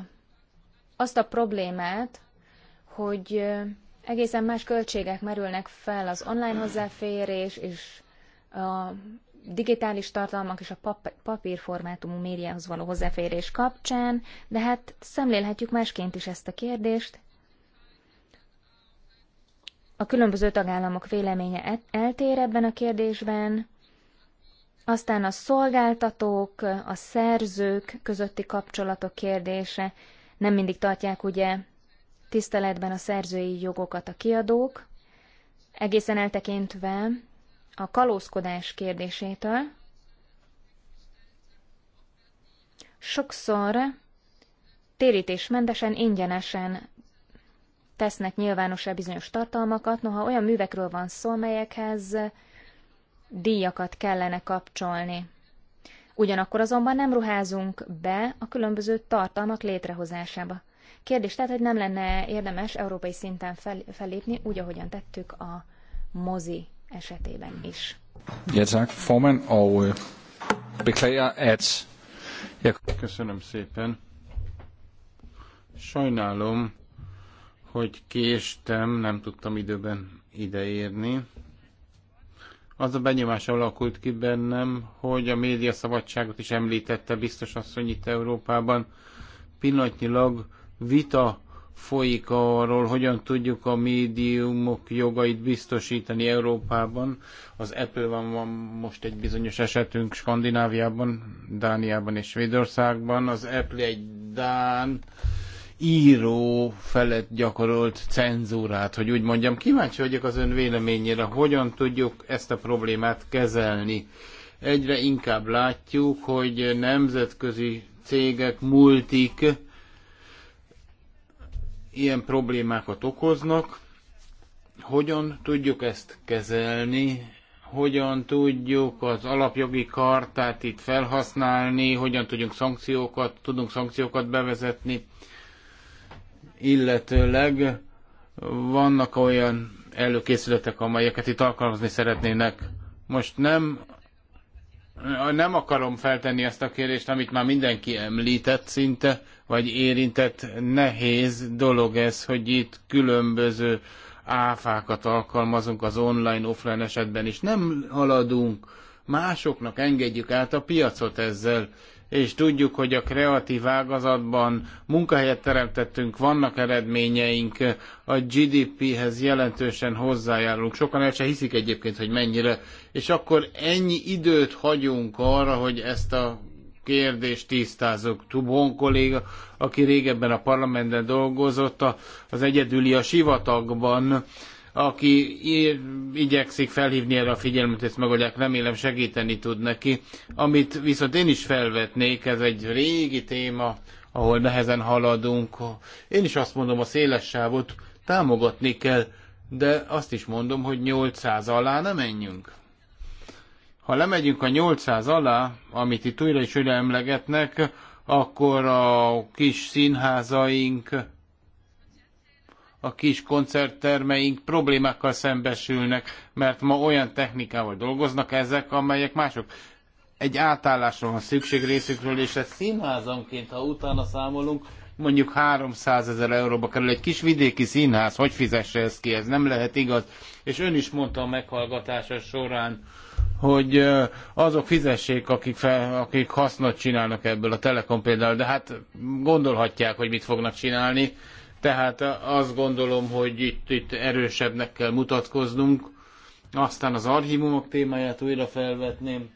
azt a problémát, hogy egészen más költségek merülnek fel az online hozzáférés és a digitális tartalmak és a papírformátumú médiához való hozzáférés kapcsán, de hát szemlélhetjük másként is ezt a kérdést. A különböző tagállamok véleménye e-, eltér ebben a kérdésben, aztán a szolgáltatók, a szerzők közötti kapcsolatok kérdése, nem mindig tartják ugye tiszteletben a szerzői jogokat a kiadók, egészen eltekintve a kalózkodás kérdésétől. Sokszor térítésmentesen, ingyenesen tesznek nyilvánosra bizonyos tartalmakat, noha olyan művekről van szó, melyekhez díjakat kellene kapcsolni. Ugyanakkor azonban nem ruházunk be a különböző tartalmak létrehozásába. Kérdés tehát, hogy nem lenne érdemes európai szinten fel, fellépni, úgy, ahogyan tettük a mozi esetében is. Ja, tak, formand, og øh, beklager, at... Jeg... Köszönöm szépen. Sajnálom, hogy késtem, nem tudtam időben ideérni. Az a benyomás alakult ki bennem, hogy a média szabadságot is említette biztos asszony itt Európában. Pillanatnyilag vita folyik arról, hogyan tudjuk a médiumok jogait biztosítani Európában. Az apple van, van most egy bizonyos esetünk Skandináviában, Dániában és Svédországban. Az Apple egy Dán író felett gyakorolt cenzúrát, hogy úgy mondjam. Kíváncsi vagyok az ön véleményére, hogyan tudjuk ezt a problémát kezelni. Egyre inkább látjuk, hogy nemzetközi cégek, multik, ilyen problémákat okoznak. Hogyan tudjuk ezt kezelni? Hogyan tudjuk az alapjogi kartát itt felhasználni? Hogyan tudjuk szankciókat, tudunk szankciókat bevezetni? Illetőleg vannak olyan előkészületek, amelyeket itt alkalmazni szeretnének. Most nem, nem akarom feltenni ezt a kérdést, amit már mindenki említett szinte, vagy érintett. Nehéz dolog ez, hogy itt különböző áfákat alkalmazunk az online, offline esetben, is. nem haladunk. Másoknak engedjük át a piacot ezzel, és tudjuk, hogy a kreatív ágazatban munkahelyet teremtettünk, vannak eredményeink, a GDP-hez jelentősen hozzájárulunk. Sokan el se hiszik egyébként, hogy mennyire, és akkor ennyi időt hagyunk arra, hogy ezt a kérdést tisztázok. Tubon kolléga, aki régebben a parlamentben dolgozott, az egyedüli a sivatagban, aki igyekszik felhívni erre a figyelmet, ezt megoldják, remélem segíteni tud neki. Amit viszont én is felvetnék, ez egy régi téma, ahol nehezen haladunk. Én is azt mondom, a széles sávot támogatni kell, de azt is mondom, hogy 800 alá nem menjünk. Ha lemegyünk a 800 alá, amit itt újra és újra emlegetnek, akkor a kis színházaink, a kis koncerttermeink problémákkal szembesülnek, mert ma olyan technikával dolgoznak ezek, amelyek mások. Egy átállásra van szükség részükről, és ez színházanként, ha utána számolunk, mondjuk 300 ezer euróba kerül egy kis vidéki színház, hogy fizesse ezt ki, ez nem lehet igaz. És ön is mondta a meghallgatása során, hogy azok fizessék, akik, fel, akik hasznot csinálnak ebből a Telekom például, de hát gondolhatják, hogy mit fognak csinálni. Tehát azt gondolom, hogy itt, itt erősebbnek kell mutatkoznunk. Aztán az archívumok témáját újra felvetném.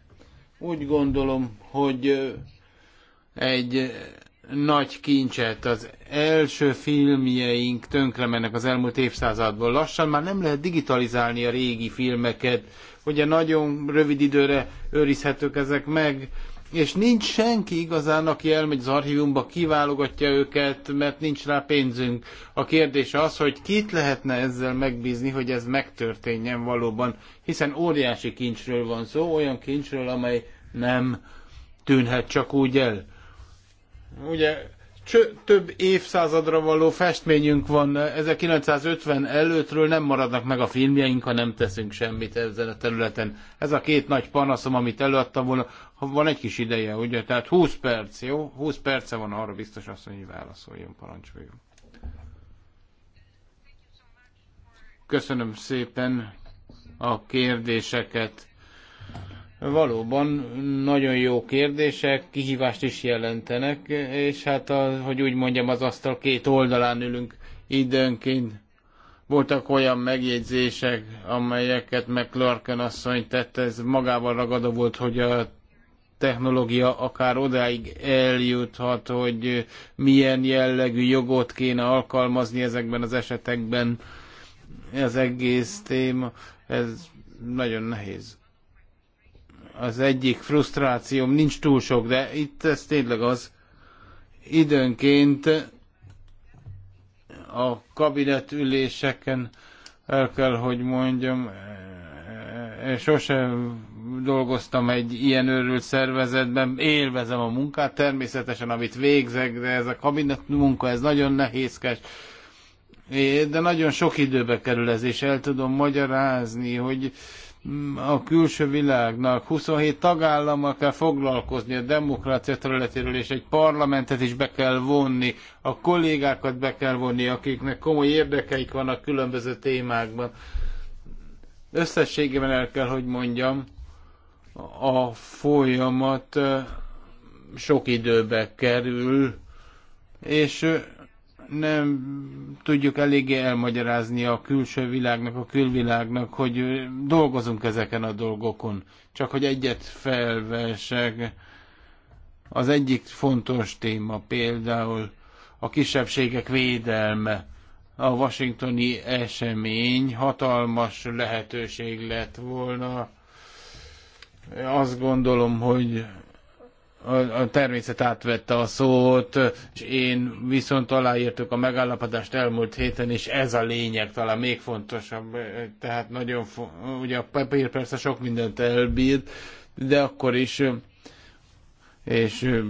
Úgy gondolom, hogy egy nagy kincset. Az első filmjeink mennek az elmúlt évszázadból. Lassan már nem lehet digitalizálni a régi filmeket. Ugye nagyon rövid időre őrizhetők ezek meg, és nincs senki igazán, aki elmegy az archívumba, kiválogatja őket, mert nincs rá pénzünk. A kérdés az, hogy kit lehetne ezzel megbízni, hogy ez megtörténjen valóban, hiszen óriási kincsről van szó, olyan kincsről, amely nem tűnhet csak úgy el. Ugye cső, több évszázadra való festményünk van, 1950 előttről nem maradnak meg a filmjeink, ha nem teszünk semmit ezen a területen. Ez a két nagy panaszom, amit előadtam volna, van egy kis ideje, ugye? Tehát 20 perc, jó? 20 perce van arra biztos azt, hogy válaszoljon, parancsoljon. Köszönöm szépen a kérdéseket. Valóban nagyon jó kérdések, kihívást is jelentenek, és hát, a, hogy úgy mondjam, az asztal két oldalán ülünk időnként. Voltak olyan megjegyzések, amelyeket McClarken asszony tett, ez magával ragadó volt, hogy a technológia akár odáig eljuthat, hogy milyen jellegű jogot kéne alkalmazni ezekben az esetekben. Ez egész téma, ez nagyon nehéz az egyik frusztrációm, nincs túl sok, de itt ez tényleg az, időnként a kabinetüléseken el kell, hogy mondjam, eh, sose dolgoztam egy ilyen őrült szervezetben, élvezem a munkát természetesen, amit végzek, de ez a kabinet munka, ez nagyon nehézkes, de nagyon sok időbe kerül ez, és el tudom magyarázni, hogy mm, a külső világnak 27 tagállammal kell foglalkozni a demokrácia területéről, és egy parlamentet is be kell vonni, a kollégákat be kell vonni, akiknek komoly érdekeik vannak különböző témákban. Összességében el kell, hogy mondjam, a folyamat sok időbe kerül, és nem tudjuk eléggé elmagyarázni a külső világnak, a külvilágnak, hogy dolgozunk ezeken a dolgokon. Csak hogy egyet felvesek, az egyik fontos téma például a kisebbségek védelme. A washingtoni esemény hatalmas lehetőség lett volna. Azt gondolom, hogy a, természet átvette a szót, és én viszont aláírtuk a megállapodást elmúlt héten, és ez a lényeg talán még fontosabb. Tehát nagyon, ugye a papír persze sok mindent elbírt, de akkor is és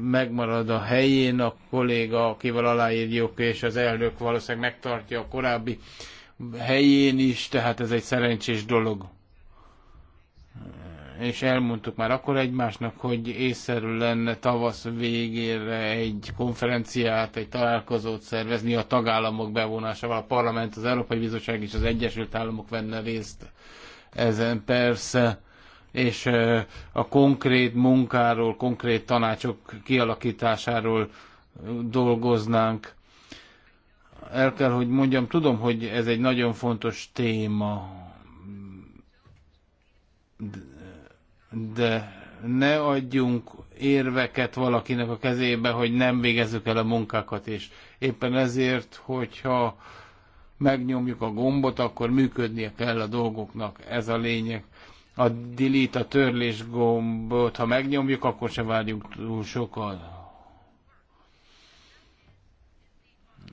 megmarad a helyén a kolléga, akivel aláírjuk, és az elnök valószínűleg megtartja a korábbi helyén is, tehát ez egy szerencsés dolog és elmondtuk már akkor egymásnak, hogy észszerű lenne tavasz végére egy konferenciát, egy találkozót szervezni a tagállamok bevonásával. A parlament, az Európai Bizottság és az Egyesült Államok venne részt ezen persze és a konkrét munkáról, konkrét tanácsok kialakításáról dolgoznánk. El kell, hogy mondjam, tudom, hogy ez egy nagyon fontos téma, de ne adjunk érveket valakinek a kezébe, hogy nem végezzük el a munkákat, és éppen ezért, hogyha megnyomjuk a gombot, akkor működnie kell a dolgoknak. Ez a lényeg. A delete, a törlés gombot, ha megnyomjuk, akkor se várjuk túl sokat.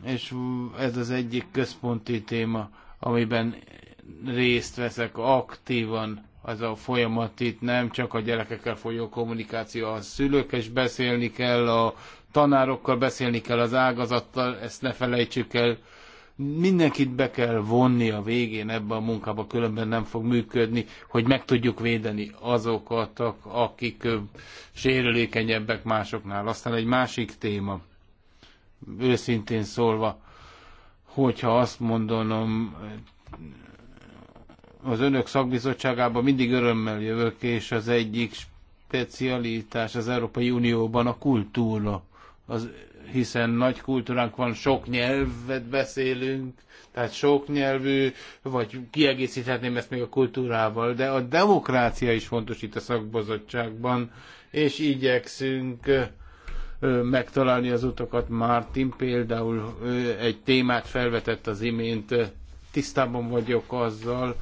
És ez az egyik központi téma, amiben részt veszek aktívan az a folyamat itt nem csak a gyerekekkel folyó kommunikáció, a szülőkkel is beszélni kell, a tanárokkal beszélni kell, az ágazattal, ezt ne felejtsük el. Mindenkit be kell vonni a végén ebbe a munkába, különben nem fog működni, hogy meg tudjuk védeni azokat, akik sérülékenyebbek másoknál. Aztán egy másik téma, őszintén szólva, hogyha azt mondanom, az önök szakbizottságában mindig örömmel jövök, és az egyik specialitás az Európai Unióban a kultúra. Az, hiszen nagy kultúránk van, sok nyelvet beszélünk, tehát sok nyelvű, vagy kiegészíthetném ezt még a kultúrával, de a demokrácia is fontos itt a szakbizottságban, és igyekszünk megtalálni az utakat. Martin például egy témát felvetett az imént, tisztában vagyok azzal,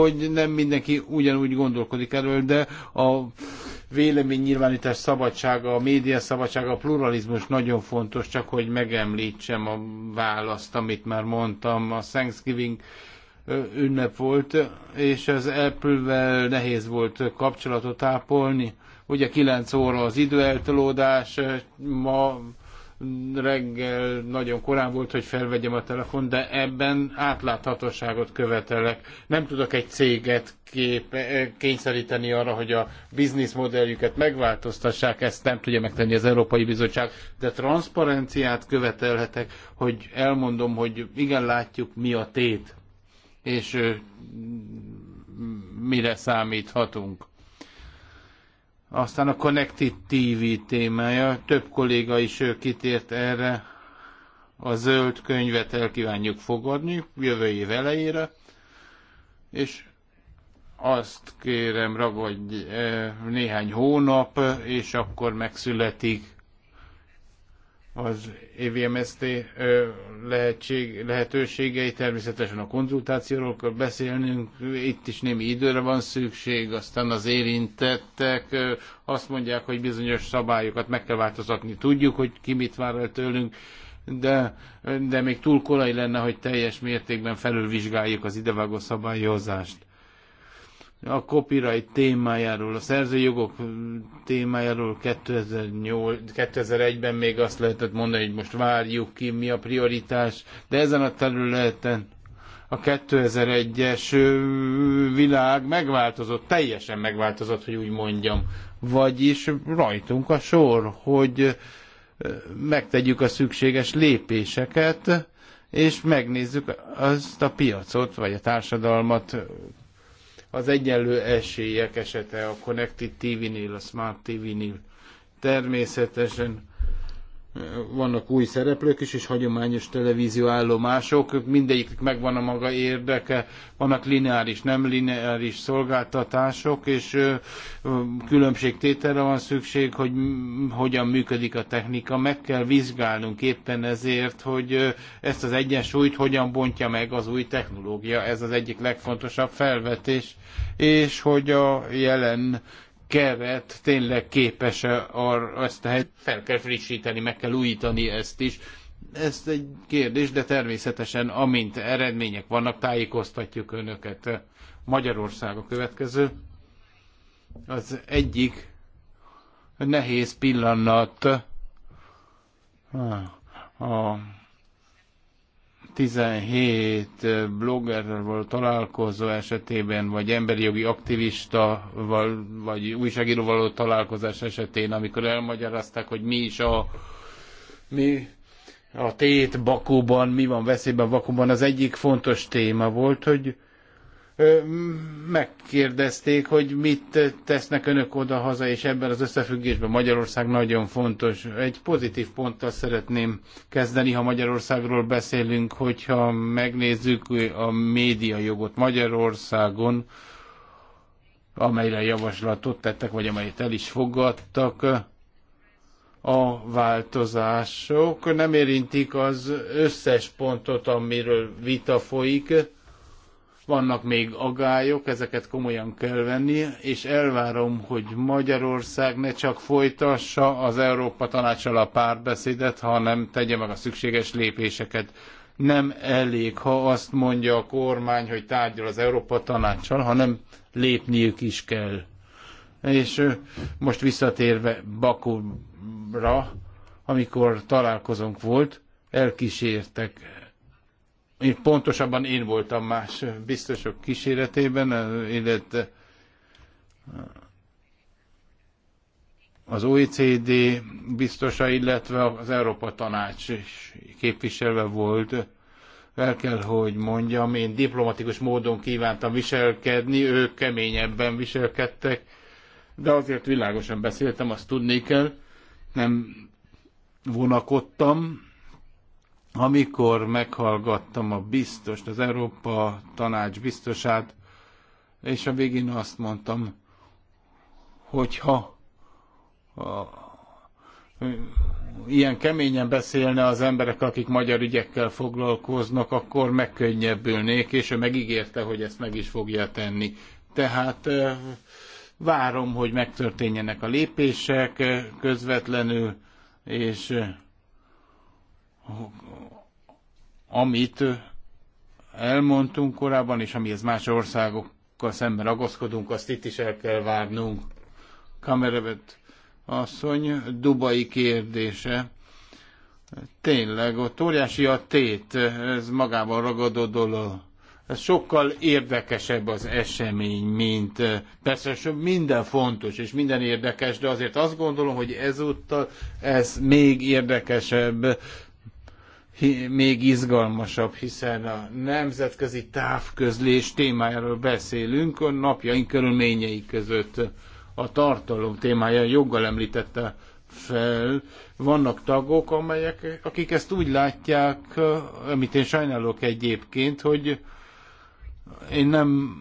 hogy nem mindenki ugyanúgy gondolkodik erről, de a véleménynyilvánítás szabadsága, a média szabadsága, a pluralizmus nagyon fontos, csak hogy megemlítsem a választ, amit már mondtam, a Thanksgiving ünnep volt, és az Apple-vel nehéz volt kapcsolatot ápolni. Ugye 9 óra az időeltolódás, ma reggel nagyon korán volt, hogy felvegyem a telefon, de ebben átláthatóságot követelek. Nem tudok egy céget kép, kényszeríteni arra, hogy a bizniszmodelljüket megváltoztassák, ezt nem tudja megtenni az Európai Bizottság, de transzparenciát követelhetek, hogy elmondom, hogy igen, látjuk, mi a tét, és mire számíthatunk. Aztán a Connected TV témája, több kolléga is kitért erre, a zöld könyvet el kívánjuk fogadni jövő év elejére, és azt kérem, ragadj néhány hónap, és akkor megszületik az EVMST lehetség, lehetőségei, természetesen a konzultációról kell beszélnünk, itt is némi időre van szükség, aztán az érintettek azt mondják, hogy bizonyos szabályokat meg kell változtatni, tudjuk, hogy ki mit vár el tőlünk, de, de még túl korai lenne, hogy teljes mértékben felülvizsgáljuk az idevágó szabályozást a copyright témájáról, a szerzőjogok témájáról 2008, 2001-ben még azt lehetett mondani, hogy most várjuk ki, mi a prioritás, de ezen a területen a 2001-es világ megváltozott, teljesen megváltozott, hogy úgy mondjam. Vagyis rajtunk a sor, hogy megtegyük a szükséges lépéseket, és megnézzük azt a piacot, vagy a társadalmat az egyenlő esélyek esete a Connected TV-nél, a Smart TV-nél. Természetesen vannak új szereplők is, és hagyományos televízió állomások, mindegyiknek megvan a maga érdeke, vannak lineáris, nem lineáris szolgáltatások, és különbségtételre van szükség, hogy hogyan működik a technika. Meg kell vizsgálnunk éppen ezért, hogy ezt az egyensúlyt hogyan bontja meg az új technológia. Ez az egyik legfontosabb felvetés, és hogy a jelen keret tényleg képes -e arra ezt a helyet. Fel kell frissíteni, meg kell újítani ezt is. Ez egy kérdés, de természetesen amint eredmények vannak, tájékoztatjuk önöket. Magyarország a következő. Az egyik nehéz pillanat ah, a, a 17 bloggerrel találkozó esetében, vagy emberi jogi aktivista, vagy újságíróval találkozás esetén, amikor elmagyarázták, hogy mi is a mi a tét Bakóban, mi van veszélyben Bakóban, az egyik fontos téma volt, hogy megkérdezték, hogy mit tesznek önök oda-haza, és ebben az összefüggésben Magyarország nagyon fontos. Egy pozitív ponttal szeretném kezdeni, ha Magyarországról beszélünk, hogyha megnézzük a médiajogot Magyarországon, amelyre javaslatot tettek, vagy amelyet el is fogadtak, a változások nem érintik az összes pontot, amiről vita folyik, vannak még agályok, ezeket komolyan kell venni, és elvárom, hogy Magyarország ne csak folytassa az Európa Tanácssal a párbeszédet, hanem tegye meg a szükséges lépéseket. Nem elég, ha azt mondja a kormány, hogy tárgyal az Európa Tanácsal, hanem lépniük is kell. És most visszatérve Bakúra, amikor találkozónk volt, elkísértek én pontosabban én voltam más biztosok kíséretében, illetve az OECD biztosa, illetve az Európa Tanács is képviselve volt. El kell, hogy mondjam, én diplomatikus módon kívántam viselkedni, ők keményebben viselkedtek, de azért világosan beszéltem, azt tudni kell, nem vonakodtam, amikor meghallgattam a biztost, az Európa Tanács biztosát, és a végén azt mondtam, hogyha a, ilyen keményen beszélne az emberek, akik magyar ügyekkel foglalkoznak, akkor megkönnyebbülnék, és ő megígérte, hogy ezt meg is fogja tenni. Tehát várom, hogy megtörténjenek a lépések közvetlenül, és amit elmondtunk korábban, és amihez más országokkal szemben ragaszkodunk, azt itt is el kell várnunk. Kamerevet asszony, Dubai kérdése. Tényleg, ott óriási a tét, ez magában ragadó dolog. Ez sokkal érdekesebb az esemény, mint persze minden fontos és minden érdekes, de azért azt gondolom, hogy ezúttal ez még érdekesebb, még izgalmasabb, hiszen a nemzetközi távközlés témájáról beszélünk a napjaink körülményei között. A tartalom témája joggal említette fel. Vannak tagok, amelyek, akik ezt úgy látják, amit én sajnálok egyébként, hogy én nem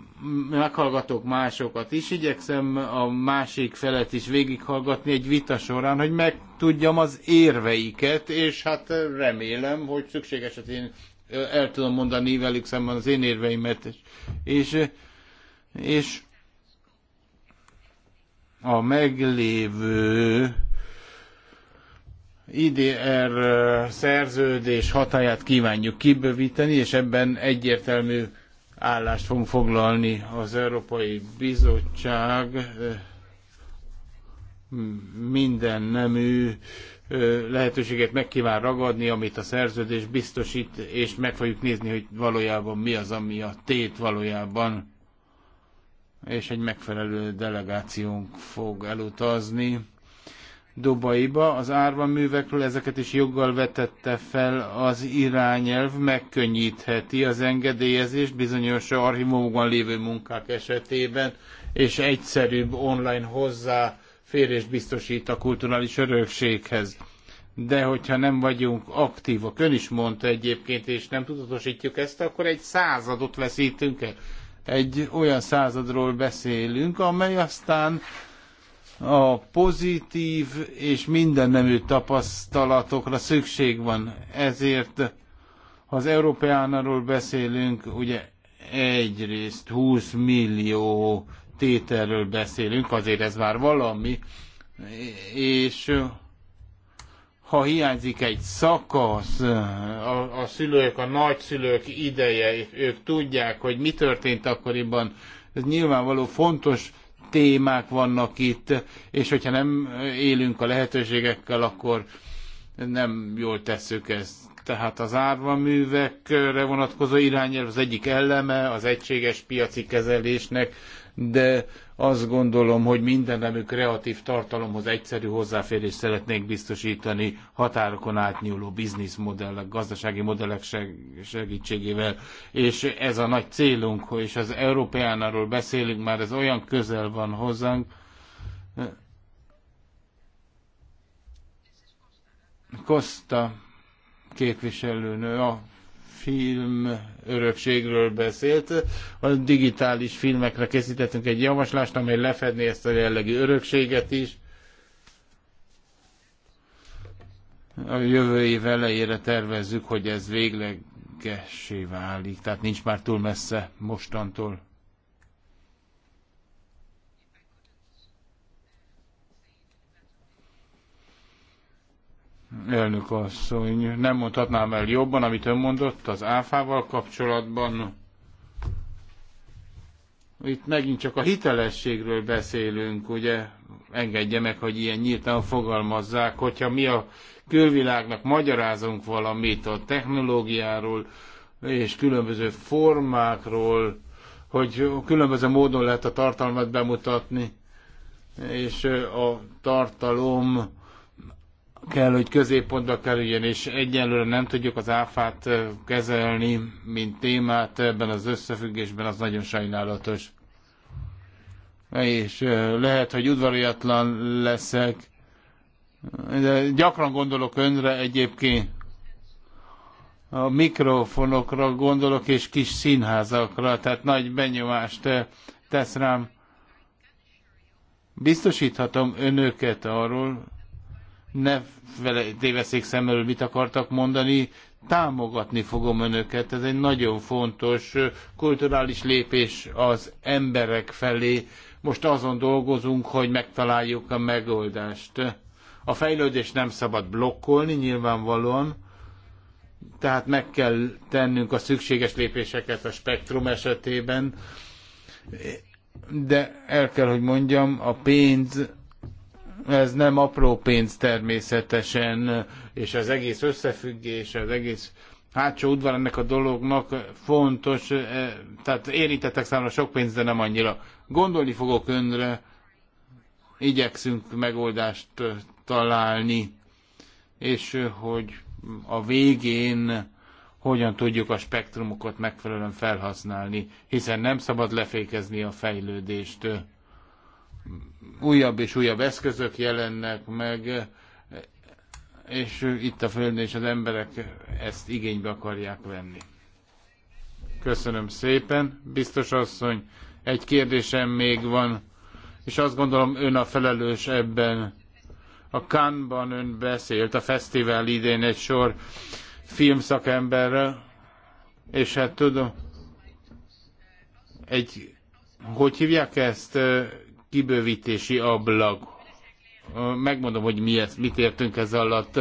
meghallgatok másokat is, igyekszem a másik felet is végighallgatni egy vita során, hogy megtudjam az érveiket, és hát remélem, hogy szükség esetén hát el tudom mondani velük szemben az én érveimet, és, és a meglévő IDR szerződés hatáját kívánjuk kibővíteni, és ebben egyértelmű állást fogunk foglalni. Az Európai Bizottság minden nemű lehetőséget meg kíván ragadni, amit a szerződés biztosít, és meg fogjuk nézni, hogy valójában mi az, ami a tét valójában, és egy megfelelő delegációnk fog elutazni Dobaiba, az árva művekről, ezeket is joggal vetette fel az irányelv, megkönnyítheti az engedélyezést bizonyos archívumokban lévő munkák esetében, és egyszerűbb online hozzáférést biztosít a kulturális örökséghez. De hogyha nem vagyunk aktívak, ön is mondta egyébként, és nem tudatosítjuk ezt, akkor egy századot veszítünk el. Egy olyan századról beszélünk, amely aztán a pozitív és minden nemű tapasztalatokra szükség van. Ezért, ha az Európeánáról beszélünk, ugye egyrészt 20 millió tételről beszélünk, azért ez már valami, és ha hiányzik egy szakasz, a, a szülők, a nagyszülők ideje, ők tudják, hogy mi történt akkoriban, ez nyilvánvaló fontos témák vannak itt, és hogyha nem élünk a lehetőségekkel, akkor nem jól tesszük ezt. Tehát az árva művekre vonatkozó irányelv az egyik eleme az egységes piaci kezelésnek, de azt gondolom, hogy minden nemű kreatív tartalomhoz egyszerű hozzáférést szeretnék biztosítani határokon átnyúló bizniszmodellek, gazdasági modellek segítségével, és ez a nagy célunk, és az Európeánáról beszélünk, már ez olyan közel van hozzánk, Costa képviselőnő a film örökségről beszélt. A digitális filmekre készítettünk egy javaslást, amely lefedné ezt a jellegű örökséget is. A jövő év elejére tervezzük, hogy ez végleg válik, tehát nincs már túl messze mostantól. Elnök asszony, nem mondhatnám el jobban, amit ön mondott az áfával kapcsolatban. Itt megint csak a hitelességről beszélünk, ugye? Engedje meg, hogy ilyen nyíltan fogalmazzák, hogyha mi a külvilágnak magyarázunk valamit a technológiáról és különböző formákról, hogy különböző módon lehet a tartalmat bemutatni, és a tartalom kell, hogy középpontba kerüljön, és egyelőre nem tudjuk az áfát kezelni, mint témát ebben az összefüggésben, az nagyon sajnálatos. És lehet, hogy udvariatlan leszek, de gyakran gondolok önre egyébként. A mikrofonokra gondolok, és kis színházakra, tehát nagy benyomást tesz rám. Biztosíthatom önöket arról, ne téveszék szem elől, mit akartak mondani, támogatni fogom önöket. Ez egy nagyon fontos kulturális lépés az emberek felé. Most azon dolgozunk, hogy megtaláljuk a megoldást. A fejlődést nem szabad blokkolni nyilvánvalóan, tehát meg kell tennünk a szükséges lépéseket a spektrum esetében, de el kell, hogy mondjam, a pénz ez nem apró pénz természetesen, és az egész összefüggés, az egész hátsó udvar ennek a dolognak fontos, e, tehát érintettek számra sok pénz, de nem annyira. Gondolni fogok önre, igyekszünk megoldást találni, és hogy a végén hogyan tudjuk a spektrumokat megfelelően felhasználni, hiszen nem szabad lefékezni a fejlődést újabb és újabb eszközök jelennek meg, és itt a Földön és az emberek ezt igénybe akarják venni. Köszönöm szépen, biztos asszony. Egy kérdésem még van, és azt gondolom ön a felelős ebben. A Cannes-ban ön beszélt a fesztivál idén egy sor filmszakemberrel, és hát tudom, egy, hogy hívják ezt, kibővítési ablak. Megmondom, hogy mi ezt, mit értünk ez alatt.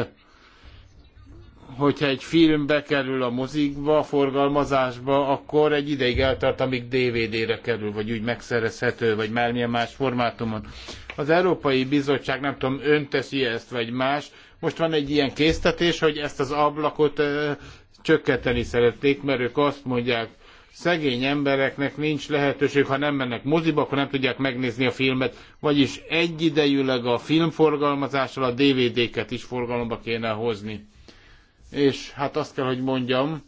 Hogyha egy film bekerül a mozikba, a forgalmazásba, akkor egy ideig eltart, amíg DVD-re kerül, vagy úgy megszerezhető, vagy bármilyen más formátumon. Az Európai Bizottság, nem tudom, ön teszi -e ezt, vagy más, most van egy ilyen késztetés, hogy ezt az ablakot ö, csökkenteni szeretnék, mert ők azt mondják, szegény embereknek nincs lehetőség, ha nem mennek moziba, akkor nem tudják megnézni a filmet, vagyis egyidejűleg a filmforgalmazással a DVD-ket is forgalomba kéne hozni. És hát azt kell, hogy mondjam,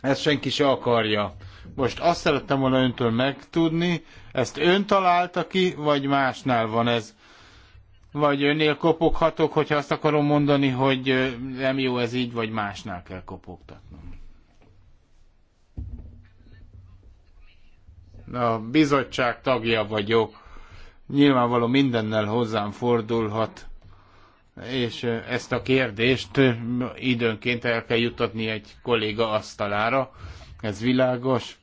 ezt senki se akarja. Most azt szerettem volna öntől megtudni, ezt ön találta ki, vagy másnál van ez? Vagy önnél kopoghatok, hogyha azt akarom mondani, hogy nem jó ez így, vagy másnál kell kopogtatnom? a bizottság tagja vagyok, nyilvánvaló mindennel hozzám fordulhat, és ezt a kérdést időnként el kell juttatni egy kolléga asztalára, ez világos.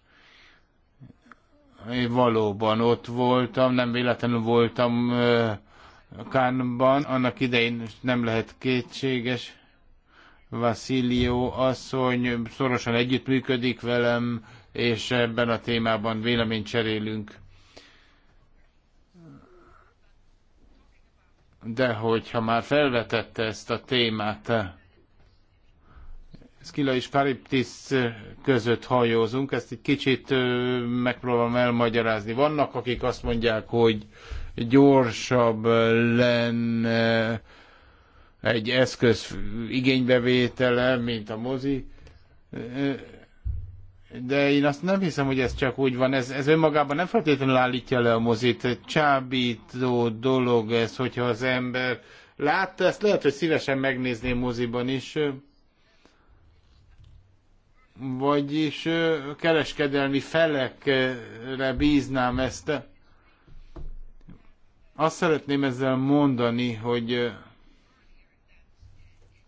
Én valóban ott voltam, nem véletlenül voltam Kánban, annak idején nem lehet kétséges. Vasilio asszony szorosan együttműködik velem, és ebben a témában véleményt cserélünk. De hogyha már felvetette ezt a témát, szkila és Kariptis között hajózunk, ezt egy kicsit megpróbálom elmagyarázni. Vannak, akik azt mondják, hogy gyorsabb lenne egy eszköz igénybevétele, mint a mozi de én azt nem hiszem, hogy ez csak úgy van. Ez, ez önmagában nem feltétlenül állítja le a mozit. Csábító dolog ez, hogyha az ember látta, ezt lehet, hogy szívesen megnézném moziban is. Vagyis kereskedelmi felekre bíznám ezt. Azt szeretném ezzel mondani, hogy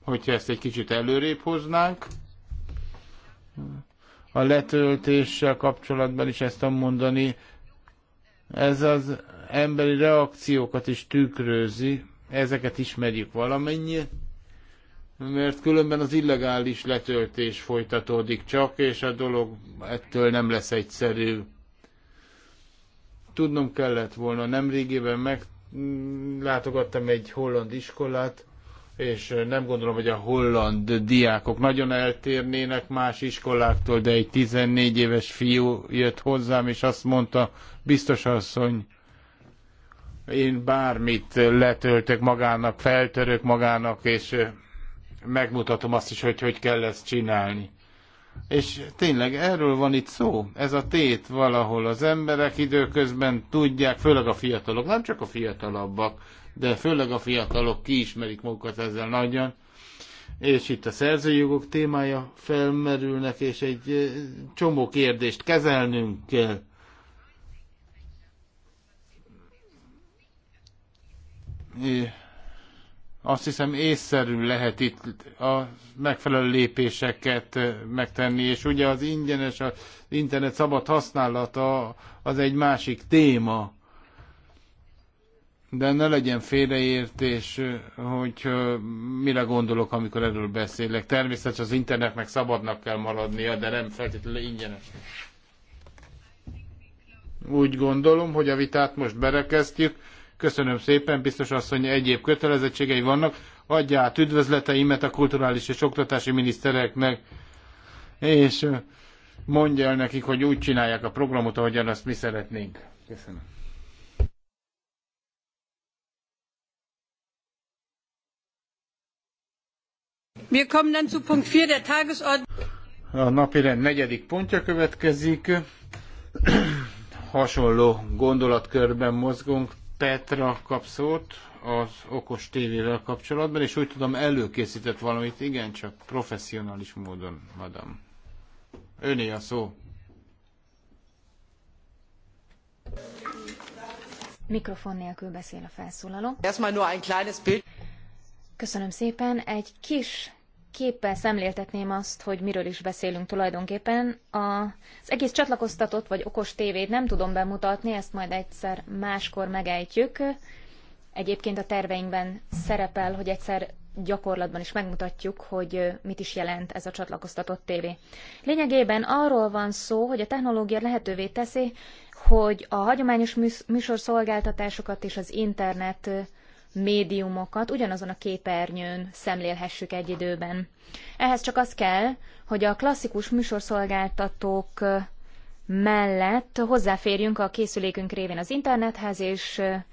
hogyha ezt egy kicsit előrébb hoznánk, a letöltéssel kapcsolatban is ezt tudom mondani. Ez az emberi reakciókat is tükrözi, ezeket ismerjük valamennyi, mert különben az illegális letöltés folytatódik csak, és a dolog ettől nem lesz egyszerű. Tudnom kellett volna, nemrégében meglátogattam egy holland iskolát, és nem gondolom, hogy a holland diákok nagyon eltérnének más iskoláktól, de egy 14 éves fiú jött hozzám, és azt mondta, biztos asszony, én bármit letöltök magának, feltörök magának, és megmutatom azt is, hogy hogy kell ezt csinálni. És tényleg erről van itt szó. Ez a tét valahol az emberek időközben tudják, főleg a fiatalok, nem csak a fiatalabbak, de főleg a fiatalok kiismerik magukat ezzel nagyon, és itt a szerzőjogok témája felmerülnek, és egy csomó kérdést kezelnünk kell. azt hiszem észszerű lehet itt a megfelelő lépéseket megtenni, és ugye az ingyenes, az internet szabad használata az egy másik téma de ne legyen félreértés, hogy mire gondolok, amikor erről beszélek. Természetesen az internetnek szabadnak kell maradnia, de nem feltétlenül ingyenes. Úgy gondolom, hogy a vitát most berekeztjük. Köszönöm szépen, biztos asszony, egyéb kötelezettségei vannak. Adja át üdvözleteimet a kulturális és oktatási minisztereknek, és mondja el nekik, hogy úgy csinálják a programot, ahogyan azt mi szeretnénk. Köszönöm. A napirend negyedik pontja következik. Hasonló gondolatkörben mozgunk. Petra kap szót az okos tévével kapcsolatban, és úgy tudom előkészített valamit, igen, csak professzionális módon, madam. Öné a szó. Mikrofon nélkül beszél a felszólaló. Köszönöm szépen. Egy kis képpel szemléltetném azt, hogy miről is beszélünk tulajdonképpen. Az egész csatlakoztatott vagy okos tévét nem tudom bemutatni, ezt majd egyszer máskor megejtjük. Egyébként a terveinkben szerepel, hogy egyszer gyakorlatban is megmutatjuk, hogy mit is jelent ez a csatlakoztatott tévé. Lényegében arról van szó, hogy a technológia lehetővé teszi, hogy a hagyományos műsorszolgáltatásokat és az internet médiumokat ugyanazon a képernyőn szemlélhessük egy időben. Ehhez csak az kell, hogy a klasszikus műsorszolgáltatók eh, mellett hozzáférjünk a készülékünk révén az internethez, és eh,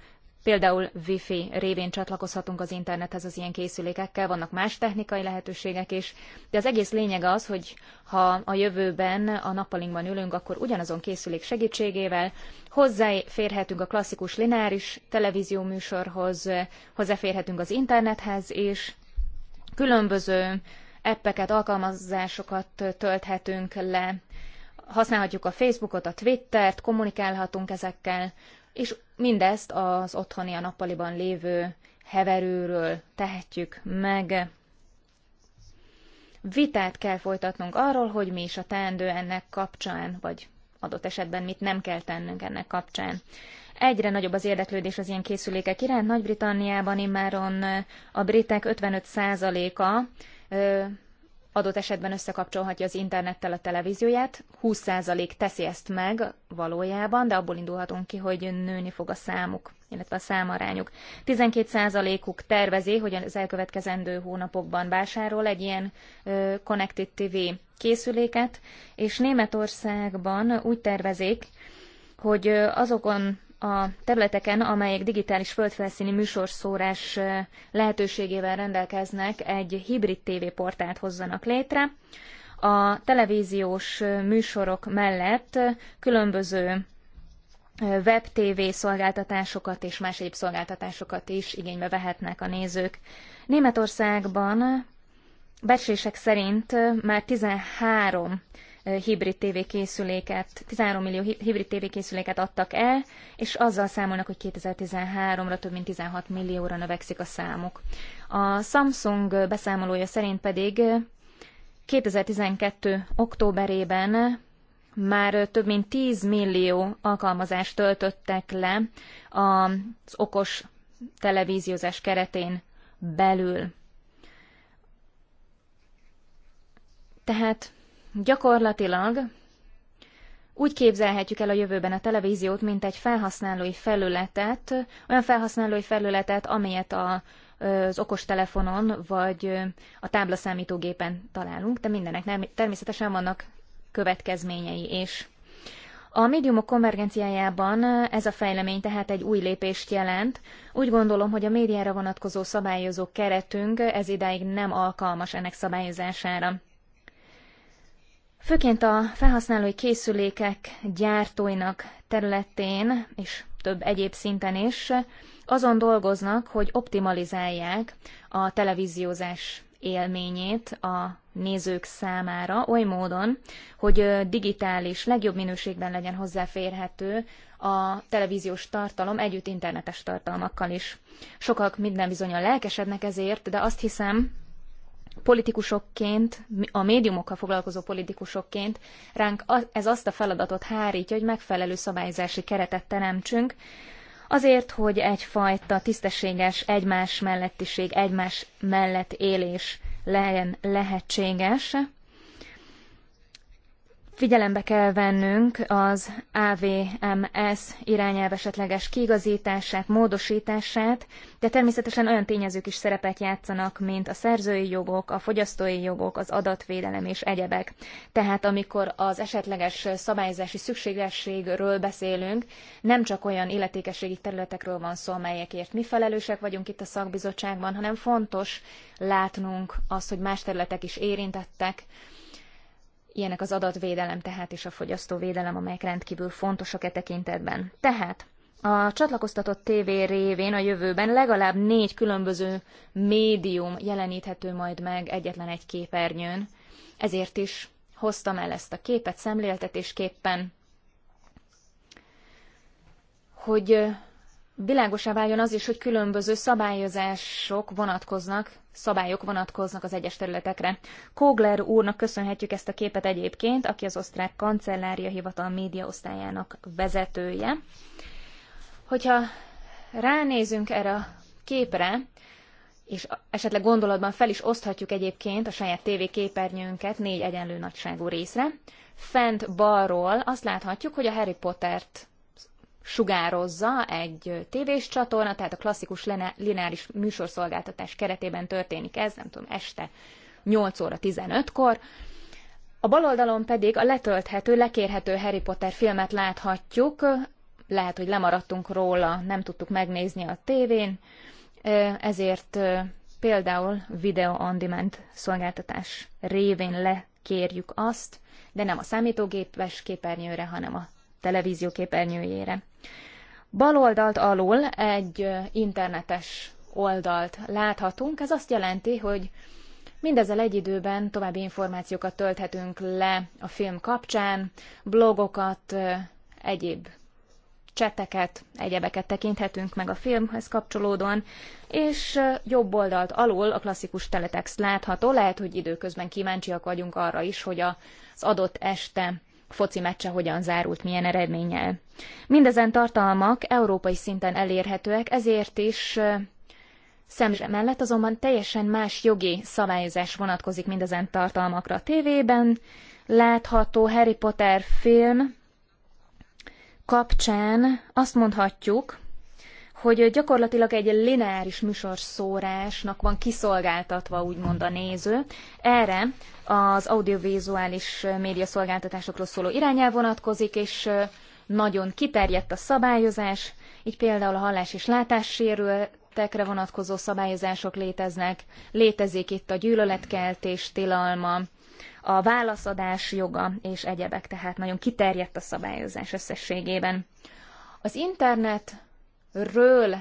Például wifi révén csatlakozhatunk az internethez az ilyen készülékekkel, vannak más technikai lehetőségek is, de az egész lényeg az, hogy ha a jövőben a nappalinkban ülünk, akkor ugyanazon készülék segítségével hozzáférhetünk a klasszikus lineáris televízió műsorhoz, hozzáférhetünk az internethez, és különböző appeket, alkalmazásokat tölthetünk le, használhatjuk a Facebookot, a Twittert, kommunikálhatunk ezekkel, és Mindezt az otthoni, a nappaliban lévő heverőről tehetjük meg. Vitát kell folytatnunk arról, hogy mi is a teendő ennek kapcsán, vagy adott esetben mit nem kell tennünk ennek kapcsán. Egyre nagyobb az érdeklődés az ilyen készülékek iránt. Nagy-Britanniában immáron a britek 55%-a adott esetben összekapcsolhatja az internettel a televízióját. 20% teszi ezt meg valójában, de abból indulhatunk ki, hogy nőni fog a számuk, illetve a számarányuk. 12%-uk tervezi, hogy az elkövetkezendő hónapokban vásárol egy ilyen ö, Connected TV készüléket, és Németországban úgy tervezik, hogy azokon a területeken, amelyek digitális földfelszíni műsorszórás lehetőségével rendelkeznek, egy hibrid tévéportált hozzanak létre. A televíziós műsorok mellett különböző web TV szolgáltatásokat és más egyéb szolgáltatásokat is igénybe vehetnek a nézők. Németországban becslések szerint már 13 hibrid tévékészüléket, 13 millió hibrid tévékészüléket adtak el, és azzal számolnak, hogy 2013-ra több mint 16 millióra növekszik a számuk. A Samsung beszámolója szerint pedig 2012. októberében már több mint 10 millió alkalmazást töltöttek le az okos televíziózás keretén belül. Tehát Gyakorlatilag úgy képzelhetjük el a jövőben a televíziót, mint egy felhasználói felületet, olyan felhasználói felületet, amelyet a, az okostelefonon vagy a táblaszámítógépen találunk, de mindenek nem, természetesen vannak következményei is. A médiumok konvergenciájában ez a fejlemény tehát egy új lépést jelent. Úgy gondolom, hogy a médiára vonatkozó szabályozó keretünk ez idáig nem alkalmas ennek szabályozására. Főként a felhasználói készülékek gyártóinak területén és több egyéb szinten is azon dolgoznak, hogy optimalizálják a televíziózás élményét a nézők számára oly módon, hogy digitális, legjobb minőségben legyen hozzáférhető a televíziós tartalom együtt internetes tartalmakkal is. Sokak minden bizony a lelkesednek ezért, de azt hiszem, politikusokként, a médiumokkal foglalkozó politikusokként ránk ez azt a feladatot hárítja, hogy megfelelő szabályzási keretet teremtsünk, azért, hogy egyfajta tisztességes egymás mellettiség, egymás mellett élés legyen lehetséges, Figyelembe kell vennünk az AVMS irányelv esetleges kiigazítását, módosítását, de természetesen olyan tényezők is szerepet játszanak, mint a szerzői jogok, a fogyasztói jogok, az adatvédelem és egyebek. Tehát amikor az esetleges szabályozási szükségességről beszélünk, nem csak olyan illetékességi területekről van szó, amelyekért mi felelősek vagyunk itt a szakbizottságban, hanem fontos látnunk azt, hogy más területek is érintettek, Ilyenek az adatvédelem tehát és a fogyasztóvédelem, amelyek rendkívül fontosak e tekintetben. Tehát a csatlakoztatott TV révén a jövőben legalább négy különböző médium jeleníthető majd meg egyetlen egy képernyőn. Ezért is hoztam el ezt a képet szemléltetésképpen, hogy világosá váljon az is, hogy különböző szabályozások vonatkoznak szabályok vonatkoznak az egyes területekre. Kogler úrnak köszönhetjük ezt a képet egyébként, aki az osztrák kancellária hivatal médiaosztályának vezetője. Hogyha ránézünk erre a képre, és esetleg gondolatban fel is oszthatjuk egyébként a saját TV képernyőnket négy egyenlő nagyságú részre. Fent balról azt láthatjuk, hogy a Harry Pottert sugározza egy tévés csatorna, tehát a klasszikus lineáris műsorszolgáltatás keretében történik ez, nem tudom, este 8 óra 15-kor. A bal oldalon pedig a letölthető, lekérhető Harry Potter filmet láthatjuk, lehet, hogy lemaradtunk róla, nem tudtuk megnézni a tévén, ezért például Video On Demand szolgáltatás révén lekérjük azt, de nem a számítógépes képernyőre, hanem a televízió képernyőjére. Baloldalt alul egy internetes oldalt láthatunk. Ez azt jelenti, hogy mindezzel egy időben további információkat tölthetünk le a film kapcsán, blogokat, egyéb cseteket, egyebeket tekinthetünk meg a filmhez kapcsolódóan, és jobb oldalt alul a klasszikus teletext látható, lehet, hogy időközben kíváncsiak vagyunk arra is, hogy az adott este foci meccse hogyan zárult, milyen eredménnyel. Mindezen tartalmak európai szinten elérhetőek, ezért is Szemre mellett azonban teljesen más jogi szabályozás vonatkozik mindezen tartalmakra a tévében. Látható Harry Potter film kapcsán azt mondhatjuk, hogy gyakorlatilag egy lineáris műsorszórásnak van kiszolgáltatva, úgymond a néző. Erre az audiovizuális médiaszolgáltatásokról szóló irányel vonatkozik, és nagyon kiterjedt a szabályozás, így például a hallás és látássérültekre vonatkozó szabályozások léteznek, létezik itt a gyűlöletkeltés tilalma, a válaszadás joga és egyebek, tehát nagyon kiterjedt a szabályozás összességében. Az internet ről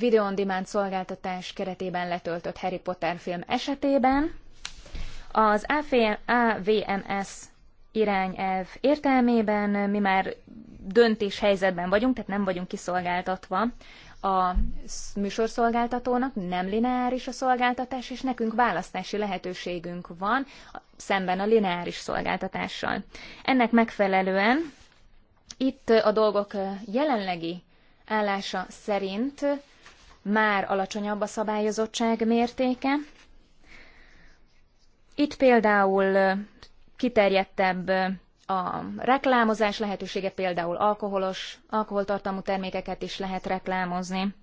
on demand szolgáltatás keretében letöltött Harry Potter film esetében az AVMS irányelv értelmében mi már döntés helyzetben vagyunk, tehát nem vagyunk kiszolgáltatva a műsorszolgáltatónak, nem lineáris a szolgáltatás, és nekünk választási lehetőségünk van szemben a lineáris szolgáltatással. Ennek megfelelően itt a dolgok jelenlegi állása szerint már alacsonyabb a szabályozottság mértéke. Itt például kiterjedtebb a reklámozás lehetősége, például alkoholos, alkoholtartalmú termékeket is lehet reklámozni.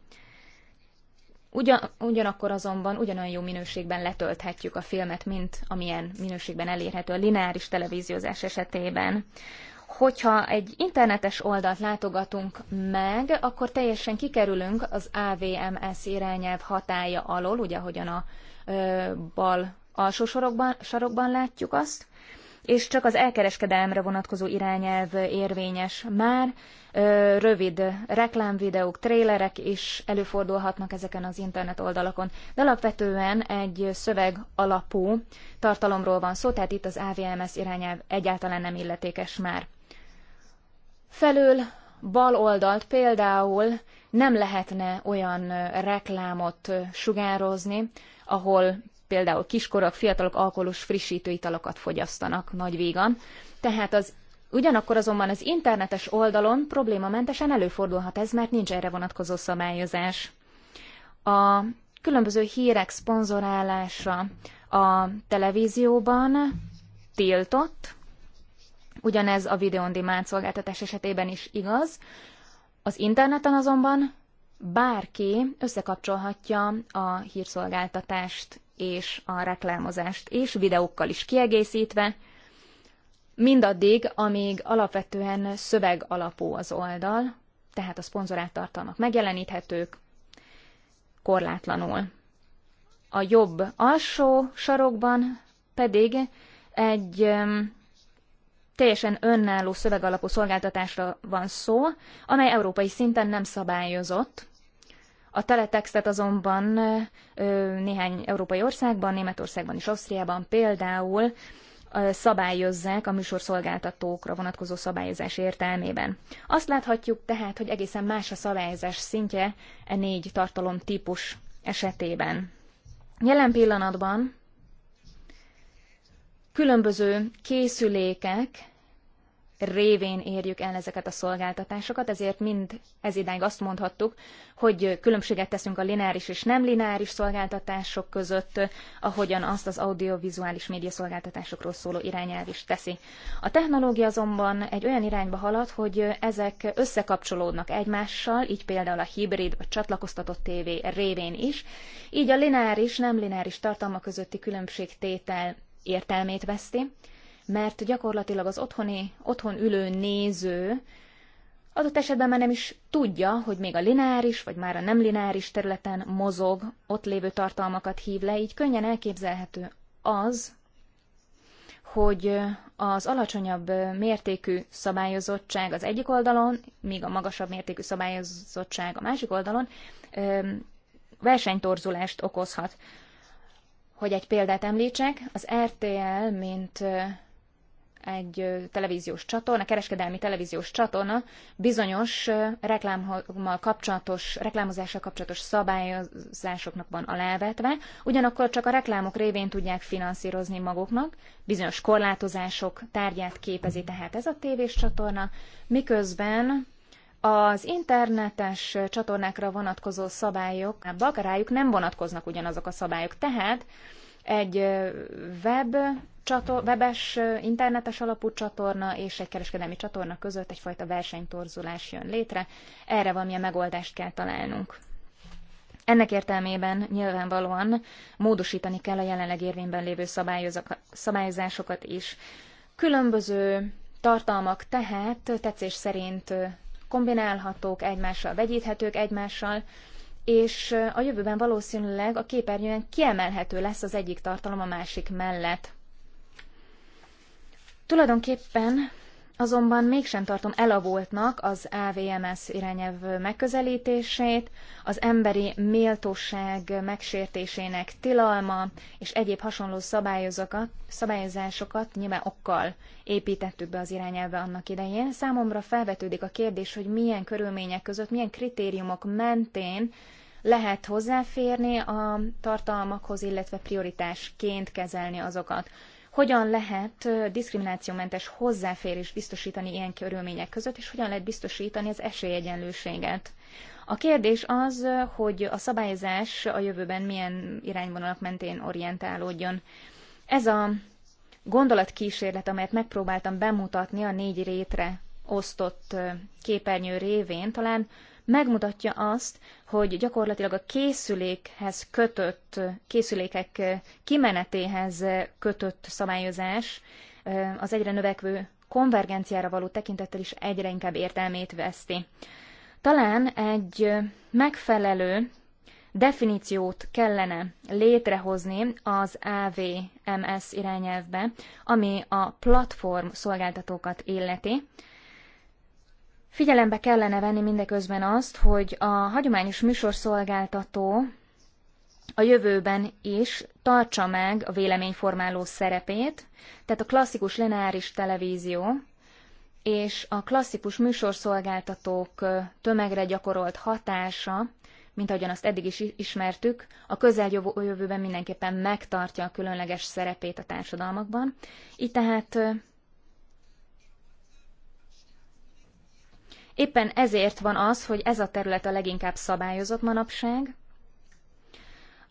Ugyan, ugyanakkor azonban ugyanolyan jó minőségben letölthetjük a filmet, mint amilyen minőségben elérhető a lineáris televíziózás esetében hogyha egy internetes oldalt látogatunk meg, akkor teljesen kikerülünk az AVMS irányelv hatája alól, ugye ahogyan a ö, bal alsó sorokban, sarokban látjuk azt, és csak az elkereskedelemre vonatkozó irányelv érvényes már. Ö, rövid reklámvideók, trélerek is előfordulhatnak ezeken az internet oldalakon. De alapvetően egy szöveg alapú tartalomról van szó, tehát itt az AVMS irányelv egyáltalán nem illetékes már. Felől bal oldalt például nem lehetne olyan reklámot sugározni, ahol például kiskorok, fiatalok alkoholos frissítő italokat fogyasztanak nagy vígan. Tehát az Ugyanakkor azonban az internetes oldalon problémamentesen előfordulhat ez, mert nincs erre vonatkozó szabályozás. A különböző hírek szponzorálása a televízióban tiltott, Ugyanez a videon demand szolgáltatás esetében is igaz. Az interneten azonban bárki összekapcsolhatja a hírszolgáltatást és a reklámozást, és videókkal is kiegészítve, mindaddig, amíg alapvetően szöveg alapú az oldal, tehát a szponzorált tartalmak megjeleníthetők, korlátlanul. A jobb alsó sarokban pedig egy teljesen önálló szövegalapú szolgáltatásra van szó, amely európai szinten nem szabályozott. A teletextet azonban néhány európai országban, Németországban és Ausztriában például szabályozzák a műsorszolgáltatókra vonatkozó szabályozás értelmében. Azt láthatjuk tehát, hogy egészen más a szabályozás szintje e négy tartalom típus esetében. Jelen pillanatban különböző készülékek révén érjük el ezeket a szolgáltatásokat, ezért mind ez idáig azt mondhattuk, hogy különbséget teszünk a lineáris és nem lineáris szolgáltatások között, ahogyan azt az audiovizuális média szolgáltatásokról szóló irányelv is teszi. A technológia azonban egy olyan irányba halad, hogy ezek összekapcsolódnak egymással, így például a hibrid vagy csatlakoztatott tévé révén is, így a lineáris, nem lineáris tartalma közötti különbségtétel értelmét veszti, mert gyakorlatilag az otthoni, otthon ülő néző adott esetben már nem is tudja, hogy még a lineáris vagy már a nem lineáris területen mozog, ott lévő tartalmakat hív le, így könnyen elképzelhető az, hogy az alacsonyabb mértékű szabályozottság az egyik oldalon, míg a magasabb mértékű szabályozottság a másik oldalon versenytorzulást okozhat. Hogy egy példát említsek, az RTL, mint egy televíziós csatorna, kereskedelmi televíziós csatorna bizonyos reklámmal kapcsolatos, reklámozással kapcsolatos szabályozásoknak van alávetve, ugyanakkor csak a reklámok révén tudják finanszírozni maguknak, bizonyos korlátozások tárgyát képezi tehát ez a tévés csatorna, miközben az internetes csatornákra vonatkozó szabályok, rájuk nem vonatkoznak ugyanazok a szabályok. Tehát egy web csator, webes, internetes alapú csatorna és egy kereskedelmi csatorna között egyfajta versenytorzulás jön létre. Erre valamilyen megoldást kell találnunk. Ennek értelmében nyilvánvalóan módosítani kell a jelenleg érvényben lévő szabályozásokat is. Különböző tartalmak tehát tetszés szerint kombinálhatók egymással, vegyíthetők egymással, és a jövőben valószínűleg a képernyőn kiemelhető lesz az egyik tartalom a másik mellett. Tulajdonképpen Azonban mégsem tartom elavultnak az AVMS irányelv megközelítését, az emberi méltóság megsértésének tilalma és egyéb hasonló szabályozásokat nyilván okkal építettük be az irányelve annak idején. Számomra felvetődik a kérdés, hogy milyen körülmények között, milyen kritériumok mentén lehet hozzáférni a tartalmakhoz, illetve prioritásként kezelni azokat hogyan lehet diszkriminációmentes hozzáférés biztosítani ilyen körülmények között, és hogyan lehet biztosítani az esélyegyenlőséget. A kérdés az, hogy a szabályozás a jövőben milyen irányvonalak mentén orientálódjon. Ez a gondolatkísérlet, amelyet megpróbáltam bemutatni a négy rétre osztott képernyő révén, talán megmutatja azt, hogy gyakorlatilag a készülékhez kötött, készülékek kimenetéhez kötött szabályozás eh, az egyre növekvő konvergenciára való tekintettel is egyre inkább értelmét veszti. Talán egy eh, megfelelő definíciót kellene létrehozni az AVMS irányelvbe, ami a platform szolgáltatókat illeti, Figyelembe kellene venni mindeközben azt, hogy a hagyományos műsorszolgáltató a jövőben is tartsa meg a véleményformáló szerepét, tehát a klasszikus lineáris televízió és a klasszikus műsorszolgáltatók tömegre gyakorolt hatása, mint ahogyan azt eddig is ismertük, a közeljövőben mindenképpen megtartja a különleges szerepét a társadalmakban. Így tehát Éppen ezért van az, hogy ez a terület a leginkább szabályozott manapság,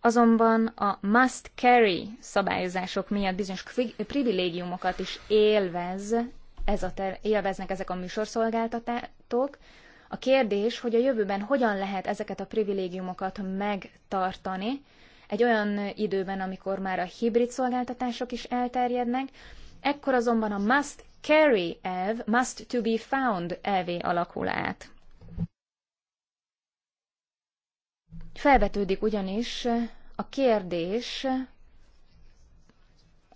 azonban a must carry szabályozások miatt bizonyos privilégiumokat is élvez ez a ter- élveznek ezek a műsorszolgáltatók. A kérdés, hogy a jövőben hogyan lehet ezeket a privilégiumokat megtartani, egy olyan időben, amikor már a hibrid szolgáltatások is elterjednek, Ekkor azonban a must carry elv, must to be found elvé alakul át. Felvetődik ugyanis a kérdés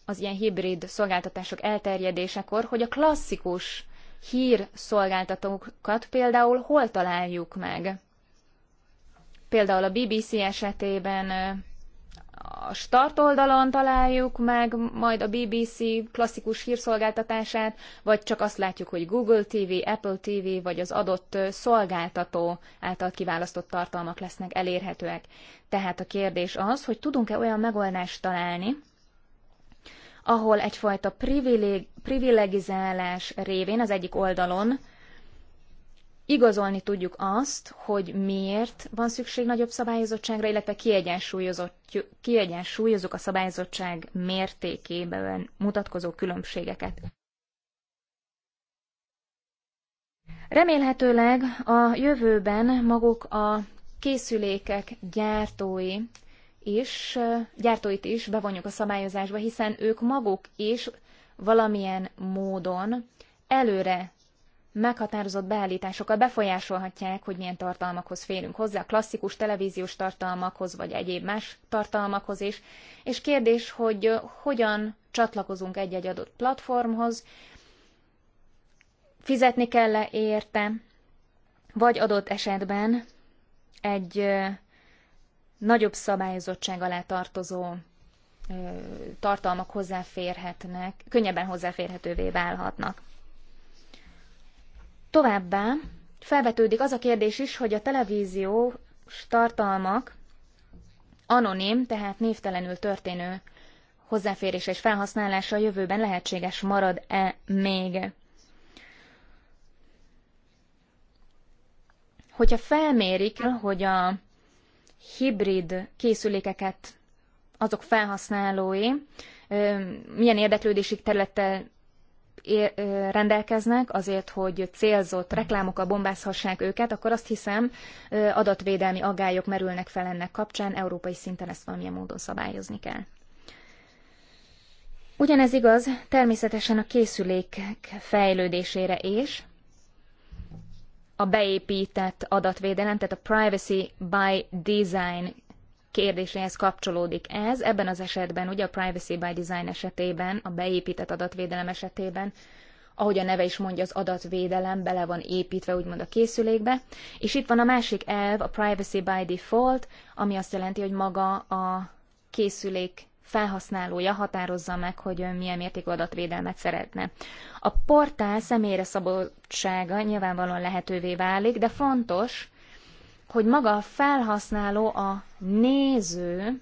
az ilyen hibrid szolgáltatások elterjedésekor, hogy a klasszikus hír szolgáltatókat például hol találjuk meg. Például a BBC esetében a start oldalon találjuk meg majd a BBC klasszikus hírszolgáltatását, vagy csak azt látjuk, hogy Google TV, Apple TV, vagy az adott szolgáltató által kiválasztott tartalmak lesznek elérhetőek. Tehát a kérdés az, hogy tudunk-e olyan megoldást találni, ahol egyfajta privileg, privilegizálás révén az egyik oldalon igazolni tudjuk azt, hogy miért van szükség nagyobb szabályozottságra, illetve kiegyensúlyozunk a szabályozottság mértékében mutatkozó különbségeket. Remélhetőleg a jövőben maguk a készülékek gyártói is, gyártóit is bevonjuk a szabályozásba, hiszen ők maguk is valamilyen módon előre meghatározott beállításokkal befolyásolhatják, hogy milyen tartalmakhoz férünk hozzá, klasszikus televíziós tartalmakhoz, vagy egyéb más tartalmakhoz is. És kérdés, hogy hogyan csatlakozunk egy-egy adott platformhoz, fizetni kell-e érte, vagy adott esetben egy nagyobb szabályozottság alá tartozó tartalmak hozzáférhetnek, könnyebben hozzáférhetővé válhatnak. Továbbá felvetődik az a kérdés is, hogy a televíziós tartalmak anonim, tehát névtelenül történő hozzáférés és felhasználása a jövőben lehetséges marad-e még. Hogyha felmérik, hogy a hibrid készülékeket azok felhasználói milyen érdeklődési területtel rendelkeznek azért, hogy célzott reklámokkal bombázhassák őket, akkor azt hiszem adatvédelmi aggályok merülnek fel ennek kapcsán, európai szinten ezt valamilyen módon szabályozni kell. Ugyanez igaz természetesen a készülékek fejlődésére is, a beépített adatvédelem, tehát a privacy by design kérdéséhez kapcsolódik ez. Ebben az esetben, ugye a Privacy by Design esetében, a beépített adatvédelem esetében, ahogy a neve is mondja, az adatvédelem bele van építve, úgymond a készülékbe. És itt van a másik elv, a Privacy by Default, ami azt jelenti, hogy maga a készülék felhasználója határozza meg, hogy milyen mértékű adatvédelmet szeretne. A portál személyre szabottsága nyilvánvalóan lehetővé válik, de fontos, hogy maga a felhasználó, a néző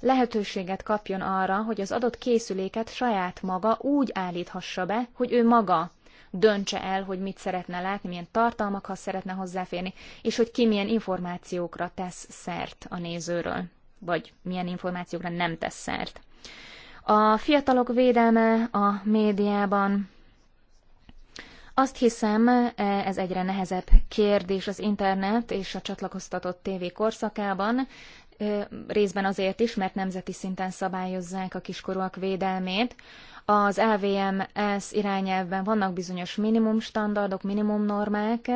lehetőséget kapjon arra, hogy az adott készüléket saját maga úgy állíthassa be, hogy ő maga döntse el, hogy mit szeretne látni, milyen tartalmakhoz szeretne hozzáférni, és hogy ki milyen információkra tesz szert a nézőről, vagy milyen információkra nem tesz szert. A fiatalok védelme a médiában azt hiszem, e, ez egyre nehezebb kérdés az internet és a csatlakoztatott tévé korszakában, e, részben azért is, mert nemzeti szinten szabályozzák a kiskorúak védelmét. Az LVMS irányelvben vannak bizonyos minimum standardok, minimum normák,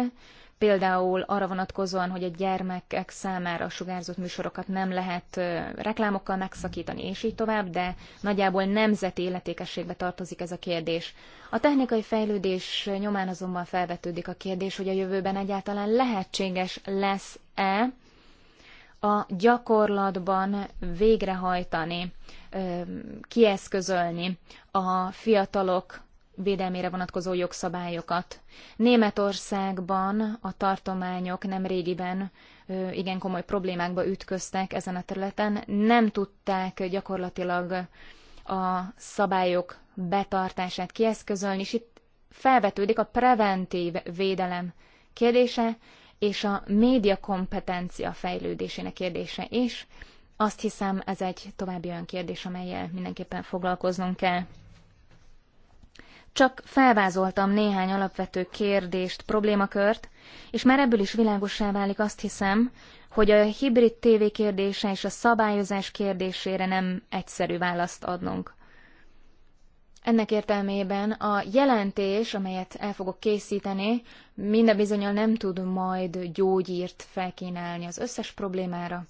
például arra vonatkozóan, hogy a gyermekek számára sugárzott műsorokat nem lehet reklámokkal megszakítani, és így tovább, de nagyjából nemzeti életékességbe tartozik ez a kérdés. A technikai fejlődés nyomán azonban felvetődik a kérdés, hogy a jövőben egyáltalán lehetséges lesz-e a gyakorlatban végrehajtani, kieszközölni a fiatalok védelmére vonatkozó jogszabályokat. Németországban a tartományok nem régiben igen komoly problémákba ütköztek ezen a területen, nem tudták gyakorlatilag a szabályok betartását kieszközölni, és itt felvetődik a preventív védelem kérdése, és a média kompetencia fejlődésének kérdése is. Azt hiszem, ez egy további olyan kérdés, amelyel mindenképpen foglalkoznunk kell. Csak felvázoltam néhány alapvető kérdést, problémakört, és már ebből is világosá válik azt hiszem, hogy a hibrid TV kérdése és a szabályozás kérdésére nem egyszerű választ adnunk. Ennek értelmében a jelentés, amelyet el fogok készíteni, minden bizonyal nem tud majd gyógyírt felkínálni az összes problémára.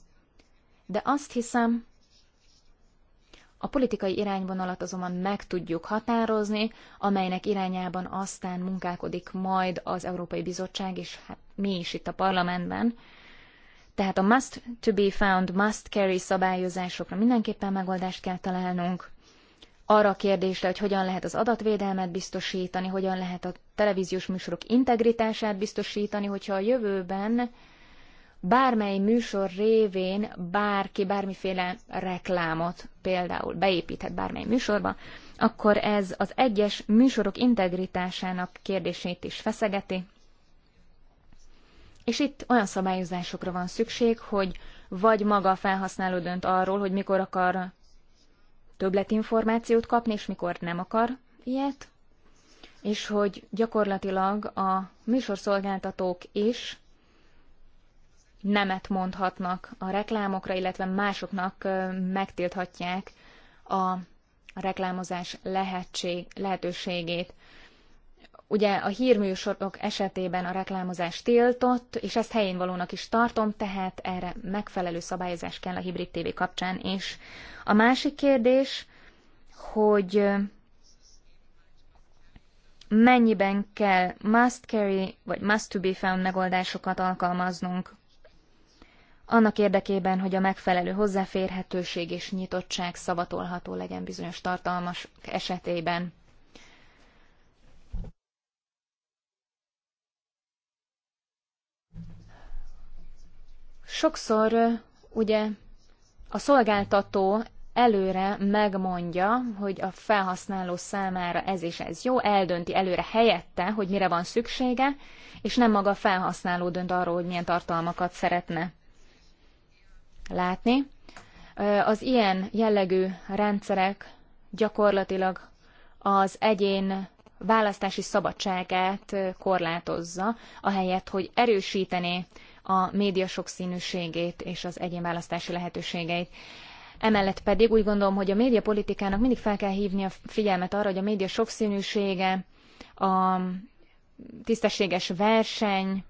De azt hiszem, a politikai irányvonalat azonban meg tudjuk határozni, amelynek irányában aztán munkálkodik majd az Európai Bizottság, és hát mi is itt a parlamentben. Tehát a must to be found, must carry szabályozásokra mindenképpen megoldást kell találnunk. Arra a kérdésre, hogy hogyan lehet az adatvédelmet biztosítani, hogyan lehet a televíziós műsorok integritását biztosítani, hogyha a jövőben bármely műsor révén bárki bármiféle reklámot például beépíthet bármely műsorba, akkor ez az egyes műsorok integritásának kérdését is feszegeti. És itt olyan szabályozásokra van szükség, hogy vagy maga a felhasználó dönt arról, hogy mikor akar többletinformációt kapni, és mikor nem akar ilyet, és hogy gyakorlatilag a műsorszolgáltatók is nemet mondhatnak a reklámokra, illetve másoknak megtilthatják a reklámozás lehetség, lehetőségét. Ugye a hírműsorok esetében a reklámozás tiltott, és ezt helyén valónak is tartom, tehát erre megfelelő szabályozás kell a hibrid TV kapcsán is. A másik kérdés, hogy mennyiben kell must carry vagy must to be found megoldásokat alkalmaznunk annak érdekében, hogy a megfelelő hozzáférhetőség és nyitottság szavatolható legyen bizonyos tartalmas esetében. Sokszor ugye a szolgáltató előre megmondja, hogy a felhasználó számára ez és ez jó, eldönti előre helyette, hogy mire van szüksége, és nem maga a felhasználó dönt arról, hogy milyen tartalmakat szeretne látni. Az ilyen jellegű rendszerek gyakorlatilag az egyén választási szabadságát korlátozza, ahelyett, hogy erősítené a média sokszínűségét és az egyén választási lehetőségeit. Emellett pedig úgy gondolom, hogy a médiapolitikának mindig fel kell hívni a figyelmet arra, hogy a média sokszínűsége, a tisztességes verseny,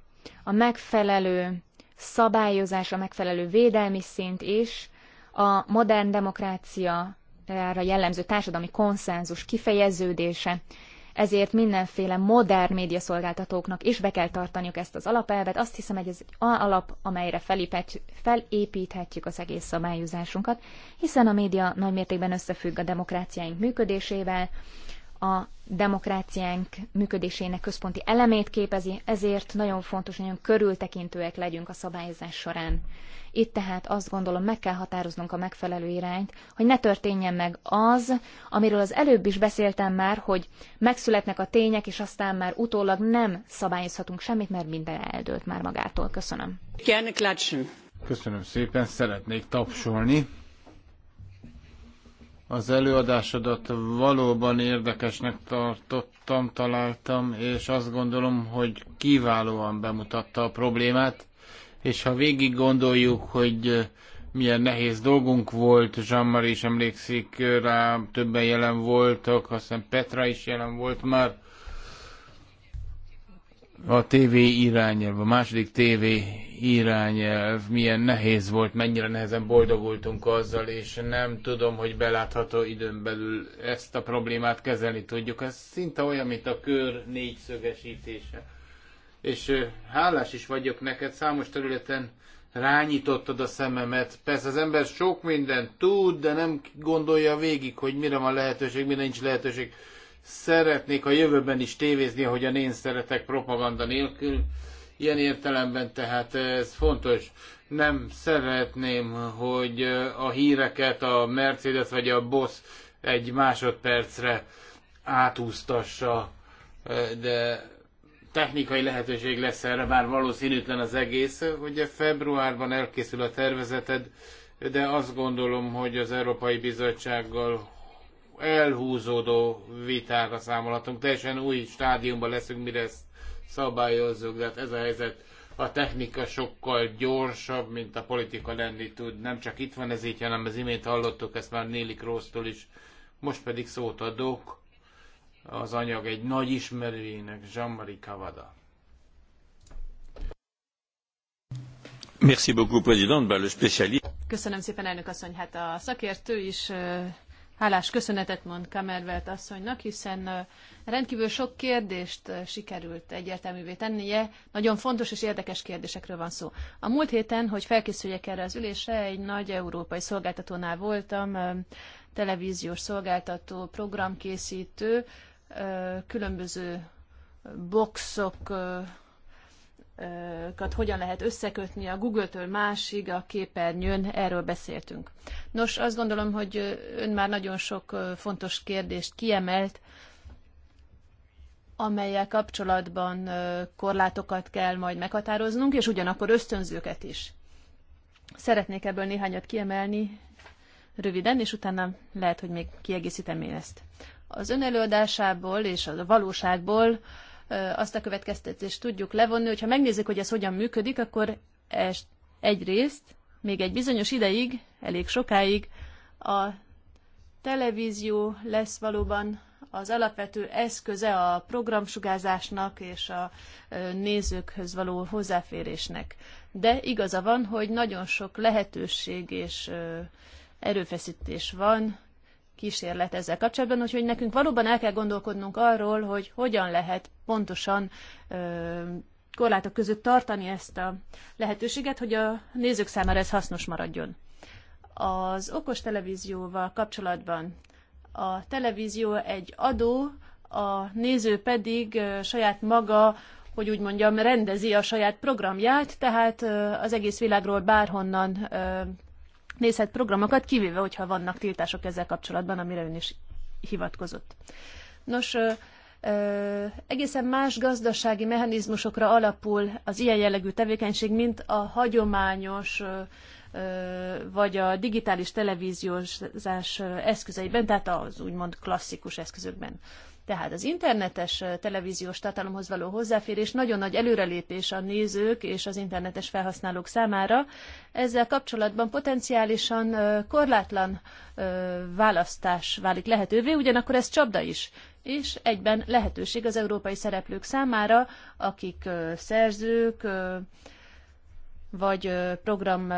a megfelelő szabályozás, a megfelelő védelmi szint és a modern demokrácia jellemző társadalmi konszenzus kifejeződése. Ezért mindenféle modern médiaszolgáltatóknak is be kell tartaniuk ezt az alapelvet. Azt hiszem, hogy ez egy alap, amelyre felépíthetjük az egész szabályozásunkat, hiszen a média nagymértékben összefügg a demokráciáink működésével, a demokráciánk működésének központi elemét képezi, ezért nagyon fontos, nagyon körültekintőek legyünk a szabályozás során. Itt tehát azt gondolom, meg kell határoznunk a megfelelő irányt, hogy ne történjen meg az, amiről az előbb is beszéltem már, hogy megszületnek a tények, és aztán már utólag nem szabályozhatunk semmit, mert minden eldőlt már magától. Köszönöm. Köszönöm szépen, szeretnék tapsolni. Az előadásodat valóban érdekesnek tartottam, találtam, és azt gondolom, hogy kiválóan bemutatta a problémát, és ha végig gondoljuk, hogy milyen nehéz dolgunk volt, jean is emlékszik rá, többen jelen voltak, aztán Petra is jelen volt már, a TV irányelv, a második TV irányelv, milyen nehéz volt, mennyire nehezen boldogultunk azzal, és nem tudom, hogy belátható időn belül ezt a problémát kezelni tudjuk. Ez szinte olyan, mint a kör négyszögesítése. És hálás is vagyok neked, számos területen rányítottad a szememet. Persze az ember sok mindent tud, de nem gondolja végig, hogy mire van lehetőség, mire nincs lehetőség szeretnék a jövőben is tévézni, ahogyan én szeretek propaganda nélkül. Ilyen értelemben tehát ez fontos. Nem szeretném, hogy a híreket a Mercedes vagy a Boss egy másodpercre átúsztassa, de technikai lehetőség lesz erre, bár valószínűtlen az egész. Ugye februárban elkészül a tervezeted, de azt gondolom, hogy az Európai Bizottsággal elhúzódó vitára számolhatunk. Teljesen új stádiumban leszünk, mire ezt szabályozzuk, de hát ez a helyzet a technika sokkal gyorsabb, mint a politika lenni tud. Nem csak itt van ez így, hanem az imént hallottuk ezt már Néli Krósztól is. Most pedig szót adok az anyag egy nagy ismerőjének, Jean-Marie Cavada. Merci beaucoup, président. Köszönöm szépen, elnök asszony. Hát a szakértő is Hálás köszönetet mond Kamervelt asszonynak, hiszen rendkívül sok kérdést sikerült egyértelművé tennie. Nagyon fontos és érdekes kérdésekről van szó. A múlt héten, hogy felkészüljek erre az ülésre, egy nagy európai szolgáltatónál voltam, televíziós szolgáltató, programkészítő, különböző boxok hogyan lehet összekötni a Google-től másig a képernyőn, erről beszéltünk. Nos, azt gondolom, hogy ön már nagyon sok fontos kérdést kiemelt, amelyel kapcsolatban korlátokat kell majd meghatároznunk, és ugyanakkor ösztönzőket is. Szeretnék ebből néhányat kiemelni röviden, és utána lehet, hogy még kiegészítem én ezt. Az ön előadásából és a valóságból azt a következtetést tudjuk levonni, hogyha megnézzük, hogy ez hogyan működik, akkor ez egyrészt még egy bizonyos ideig, elég sokáig a televízió lesz valóban az alapvető eszköze a programsugázásnak és a nézőkhöz való hozzáférésnek. De igaza van, hogy nagyon sok lehetőség és erőfeszítés van kísérlet ezzel kapcsolatban, úgyhogy nekünk valóban el kell gondolkodnunk arról, hogy hogyan lehet pontosan ö, korlátok között tartani ezt a lehetőséget, hogy a nézők számára ez hasznos maradjon. Az okos televízióval kapcsolatban a televízió egy adó, a néző pedig saját maga, hogy úgy mondjam, rendezi a saját programját, tehát az egész világról bárhonnan nézhet programokat, kivéve, hogyha vannak tiltások ezzel kapcsolatban, amire ön is hivatkozott. Nos, egészen más gazdasági mechanizmusokra alapul az ilyen jellegű tevékenység, mint a hagyományos vagy a digitális televíziózás eszközeiben, tehát az úgymond klasszikus eszközökben. Tehát az internetes televíziós tartalomhoz való hozzáférés nagyon nagy előrelépés a nézők és az internetes felhasználók számára. Ezzel kapcsolatban potenciálisan korlátlan választás válik lehetővé, ugyanakkor ez csapda is és egyben lehetőség az európai szereplők számára, akik szerzők vagy program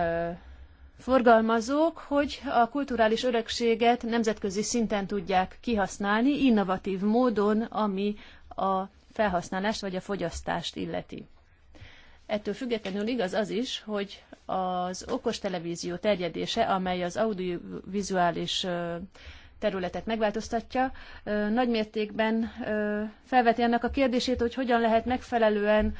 forgalmazók, hogy a kulturális örökséget nemzetközi szinten tudják kihasználni innovatív módon, ami a felhasználást vagy a fogyasztást illeti. Ettől függetlenül igaz az is, hogy az okos televízió terjedése, amely az audiovizuális területet megváltoztatja, nagymértékben felveti ennek a kérdését, hogy hogyan lehet megfelelően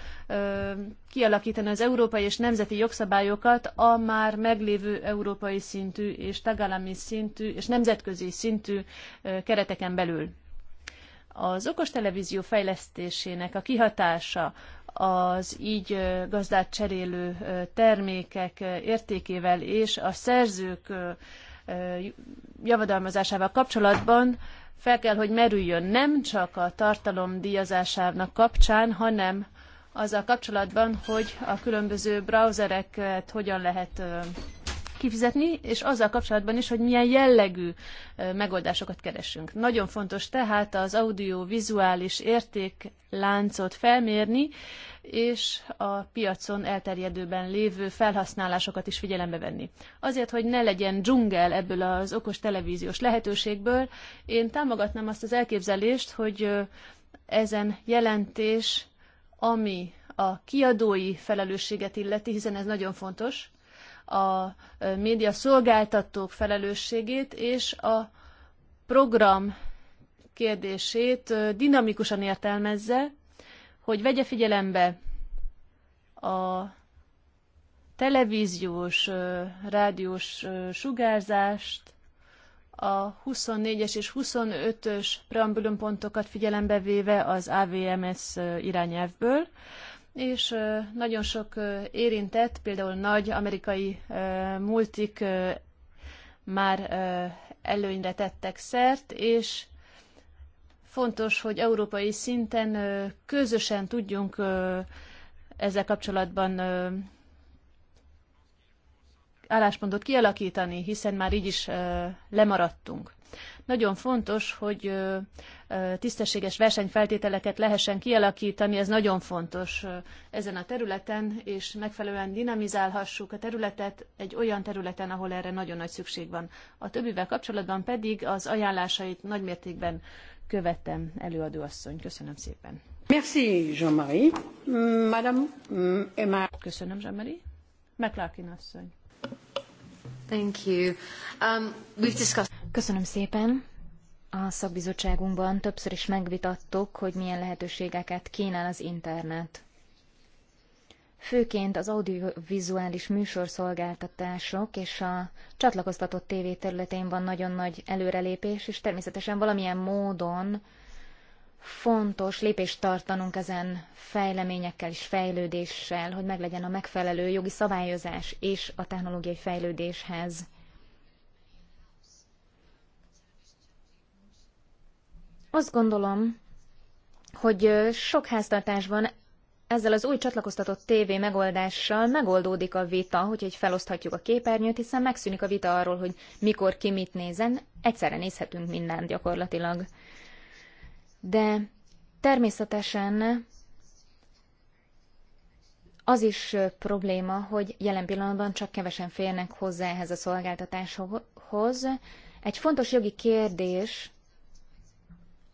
kialakítani az európai és nemzeti jogszabályokat a már meglévő európai szintű és tagállami szintű és nemzetközi szintű kereteken belül. Az okos televízió fejlesztésének a kihatása az így gazdát cserélő termékek értékével és a szerzők javadalmazásával kapcsolatban fel kell, hogy merüljön nem csak a tartalom díjazásának kapcsán, hanem azzal kapcsolatban, hogy a különböző browsereket hogyan lehet kifizetni, és azzal kapcsolatban is, hogy milyen jellegű megoldásokat keresünk. Nagyon fontos tehát az audiovizuális értékláncot felmérni, és a piacon elterjedőben lévő felhasználásokat is figyelembe venni. Azért, hogy ne legyen dzsungel ebből az okos televíziós lehetőségből, én támogatnám azt az elképzelést, hogy ezen jelentés, ami a kiadói felelősséget illeti, hiszen ez nagyon fontos, a média szolgáltatók felelősségét és a program kérdését dinamikusan értelmezze, hogy vegye figyelembe a televíziós, rádiós sugárzást, a 24-es és 25-ös pontokat figyelembe véve az AVMS irányelvből, és nagyon sok érintett, például nagy amerikai multik már előnyre tettek szert, és Fontos, hogy európai szinten közösen tudjunk ezzel kapcsolatban álláspontot kialakítani, hiszen már így is lemaradtunk. Nagyon fontos, hogy tisztességes versenyfeltételeket lehessen kialakítani, ez nagyon fontos ezen a területen, és megfelelően dinamizálhassuk a területet egy olyan területen, ahol erre nagyon nagy szükség van. A többivel kapcsolatban pedig az ajánlásait nagymértékben követem, előadóasszony. Köszönöm szépen. Merci, Jean-Marie. Madame mm, Emma. Köszönöm, Jean-Marie. McLaughlin asszony. Thank you. Um, we've discussed... Köszönöm szépen. A szakbizottságunkban többször is megvitattuk, hogy milyen lehetőségeket kínál az internet főként az audiovizuális műsorszolgáltatások és a csatlakoztatott tévé területén van nagyon nagy előrelépés, és természetesen valamilyen módon fontos lépést tartanunk ezen fejleményekkel és fejlődéssel, hogy meglegyen a megfelelő jogi szabályozás és a technológiai fejlődéshez. Azt gondolom, hogy sok háztartásban ezzel az új csatlakoztatott tévé megoldással megoldódik a vita, hogy egy feloszthatjuk a képernyőt, hiszen megszűnik a vita arról, hogy mikor ki mit nézen, egyszerre nézhetünk mindent gyakorlatilag. De természetesen az is probléma, hogy jelen pillanatban csak kevesen férnek hozzá ehhez a szolgáltatáshoz. Egy fontos jogi kérdés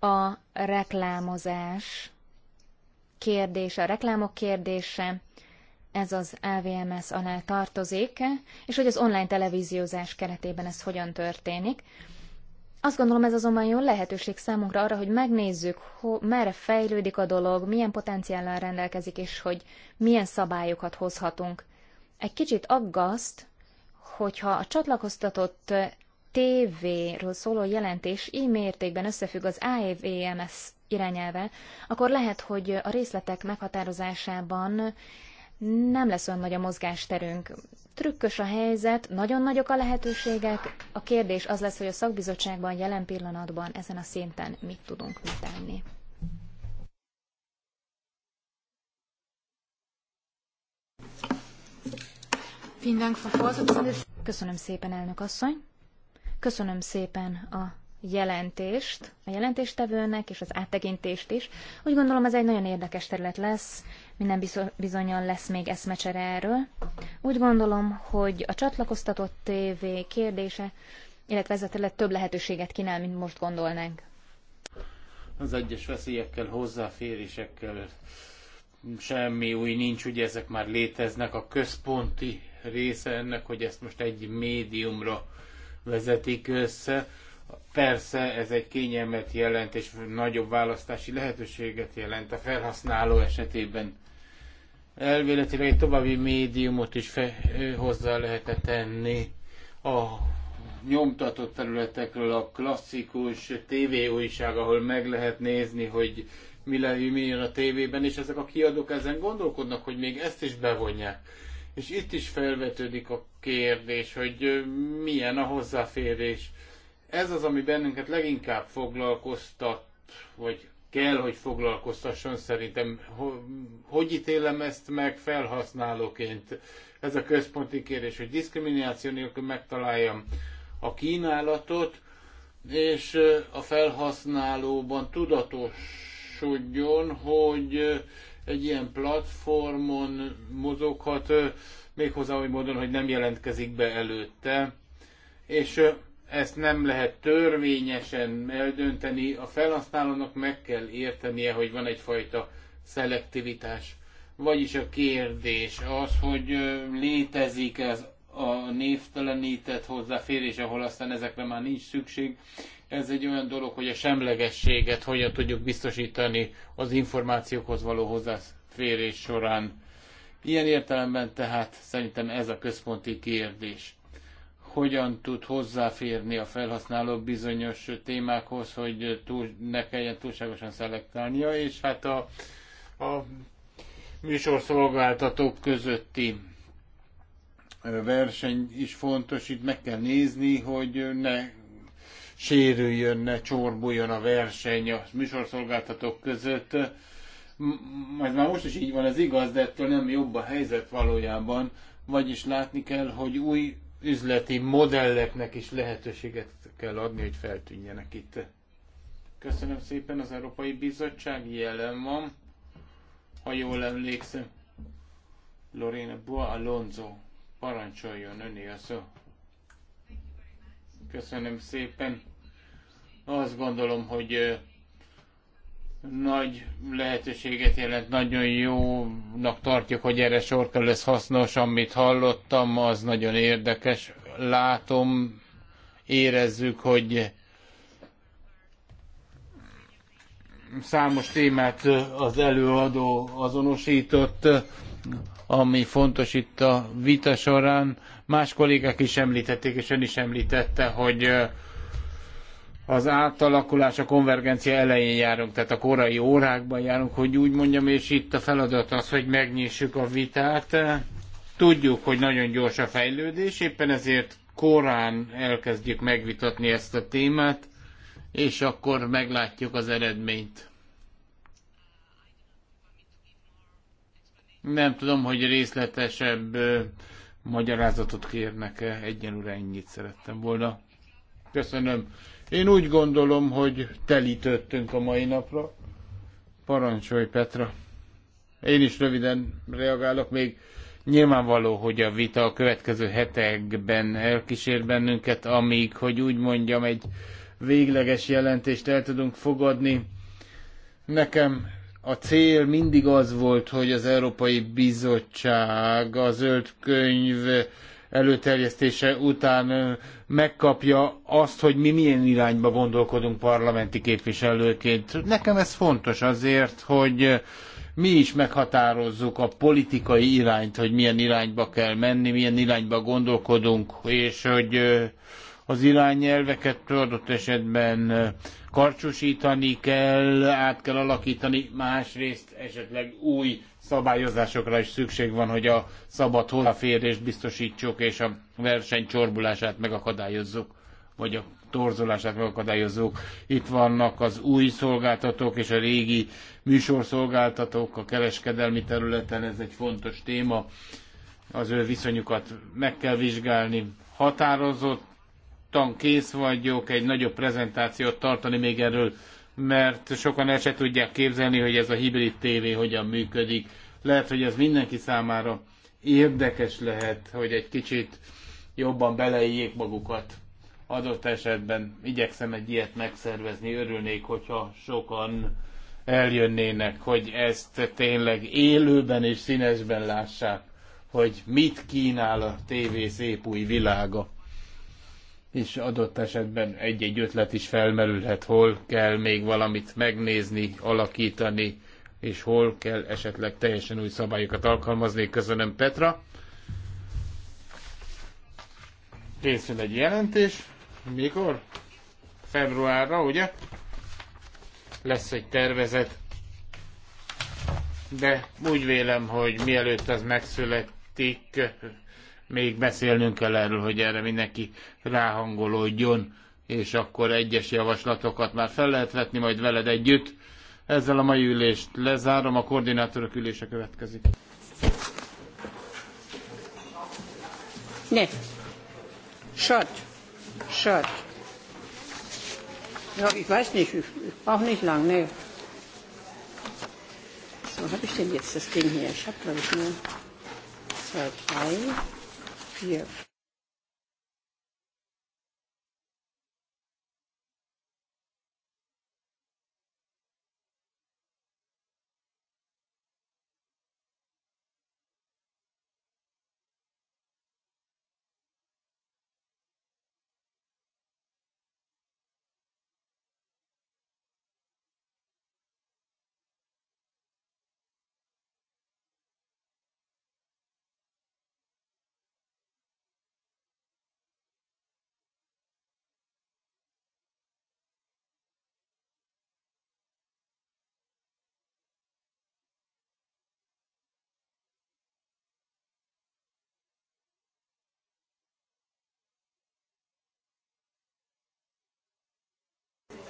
a reklámozás kérdése, a reklámok kérdése, ez az AVMS alá tartozik, és hogy az online televíziózás keretében ez hogyan történik. Azt gondolom, ez azonban jó lehetőség számunkra arra, hogy megnézzük, ho, merre fejlődik a dolog, milyen potenciállal rendelkezik, és hogy milyen szabályokat hozhatunk. Egy kicsit aggaszt, hogyha a csatlakoztatott TV-ről szóló jelentés így mértékben összefügg az AEVMS e irányelve, akkor lehet, hogy a részletek meghatározásában nem lesz olyan nagy a mozgásterünk. Trükkös a helyzet, nagyon nagyok a lehetőségek. A kérdés az lesz, hogy a szakbizottságban jelen pillanatban ezen a szinten mit tudunk mit tenni. Köszönöm szépen, elnök asszony. Köszönöm szépen a jelentést, a jelentéstevőnek és az áttekintést is. Úgy gondolom ez egy nagyon érdekes terület lesz, minden bizonyan lesz még eszmecsere erről. Úgy gondolom, hogy a csatlakoztatott TV kérdése, illetve ez a terület több lehetőséget kínál, mint most gondolnánk. Az egyes veszélyekkel, hozzáférésekkel semmi új nincs, ugye ezek már léteznek. A központi része ennek, hogy ezt most egy médiumra vezetik össze. Persze ez egy kényelmet jelent, és nagyobb választási lehetőséget jelent a felhasználó esetében. Elvéletileg egy további médiumot is fe, hozzá lehetne tenni a nyomtatott területekről a klasszikus TV újság, ahol meg lehet nézni, hogy mi, le, mi jön a tévében, és ezek a kiadók ezen gondolkodnak, hogy még ezt is bevonják. És itt is felvetődik a kérdés, hogy milyen a hozzáférés. Ez az, ami bennünket leginkább foglalkoztat, vagy kell, hogy foglalkoztasson szerintem. Hogy ítélem ezt meg felhasználóként? Ez a központi kérdés, hogy diszkrimináció nélkül megtaláljam a kínálatot, és a felhasználóban tudatosodjon, hogy egy ilyen platformon mozoghat, méghozzá úgy módon, hogy nem jelentkezik be előtte, és ezt nem lehet törvényesen eldönteni, a felhasználónak meg kell értenie, hogy van egyfajta szelektivitás. Vagyis a kérdés az, hogy létezik ez a névtelenített hozzáférés, ahol aztán ezekre már nincs szükség, ez egy olyan dolog, hogy a semlegességet hogyan tudjuk biztosítani az információkhoz való hozzáférés során. Ilyen értelemben tehát szerintem ez a központi kérdés. Hogyan tud hozzáférni a felhasználó bizonyos témákhoz, hogy túl, ne kelljen túlságosan szelektálnia, és hát a, a műsorszolgáltatók közötti verseny is fontos, itt meg kell nézni, hogy ne sérüljön, ne csorbuljon a verseny a műsorszolgáltatók között. Majd már most is így van, ez igaz, de ettől nem jobb a helyzet valójában. Vagyis látni kell, hogy új üzleti modelleknek is lehetőséget kell adni, hogy feltűnjenek itt. Köszönöm szépen, az Európai Bizottság jelen van, ha jól emlékszem. Lorena Boa Alonso, parancsoljon öné a szó. Köszönöm szépen. Azt gondolom, hogy nagy lehetőséget jelent, nagyon jónak tartjuk, hogy erre sor kell, ez hasznos, amit hallottam, az nagyon érdekes. Látom, érezzük, hogy számos témát az előadó azonosított, ami fontos itt a vita során. Más kollégák is említették, és ön is említette, hogy az átalakulás, a konvergencia elején járunk, tehát a korai órákban járunk, hogy úgy mondjam, és itt a feladat az, hogy megnyissuk a vitát. Tudjuk, hogy nagyon gyors a fejlődés, éppen ezért korán elkezdjük megvitatni ezt a témát, és akkor meglátjuk az eredményt. Nem tudom, hogy részletesebb magyarázatot kérnek-e, egyenlőre ennyit szerettem volna. Köszönöm. Én úgy gondolom, hogy telítettünk a mai napra. Parancsolj, Petra. Én is röviden reagálok még. Nyilvánvaló, hogy a vita a következő hetekben elkísér bennünket, amíg, hogy úgy mondjam, egy végleges jelentést el tudunk fogadni. Nekem a cél mindig az volt, hogy az Európai Bizottság a zöld könyv előterjesztése után megkapja azt, hogy mi milyen irányba gondolkodunk parlamenti képviselőként. Nekem ez fontos azért, hogy mi is meghatározzuk a politikai irányt, hogy milyen irányba kell menni, milyen irányba gondolkodunk, és hogy az irányelveket adott esetben karcsúsítani kell, át kell alakítani, másrészt esetleg új szabályozásokra is szükség van, hogy a szabad hozzáférést biztosítsuk, és a verseny csorbulását megakadályozzuk, vagy a torzulását megakadályozzuk. Itt vannak az új szolgáltatók és a régi műsorszolgáltatók a kereskedelmi területen, ez egy fontos téma. Az ő viszonyukat meg kell vizsgálni. Határozott nyugodtan kész vagyok egy nagyobb prezentációt tartani még erről, mert sokan el se tudják képzelni, hogy ez a hibrid tévé hogyan működik. Lehet, hogy ez mindenki számára érdekes lehet, hogy egy kicsit jobban beleéljék magukat. Adott esetben igyekszem egy ilyet megszervezni, örülnék, hogyha sokan eljönnének, hogy ezt tényleg élőben és színesben lássák, hogy mit kínál a tévé szép új világa és adott esetben egy-egy ötlet is felmerülhet, hol kell még valamit megnézni, alakítani, és hol kell esetleg teljesen új szabályokat alkalmazni. Köszönöm Petra. Készül egy jelentés. Mikor? Februárra, ugye? Lesz egy tervezet. De úgy vélem, hogy mielőtt az megszületik, még beszélnünk kell erről, hogy erre mindenki ráhangolódjon, és akkor egyes javaslatokat már fel lehet vetni majd veled együtt. Ezzel a mai ülést lezárom, a koordinátorok ülése következik. Ne. Shut. Shut. Ja, ich weiß nicht, ich, auch nicht lang, ne. So, habe ich denn jetzt das Ding hier? Ich habe, glaube ich, nur zwei, drei. Fiev.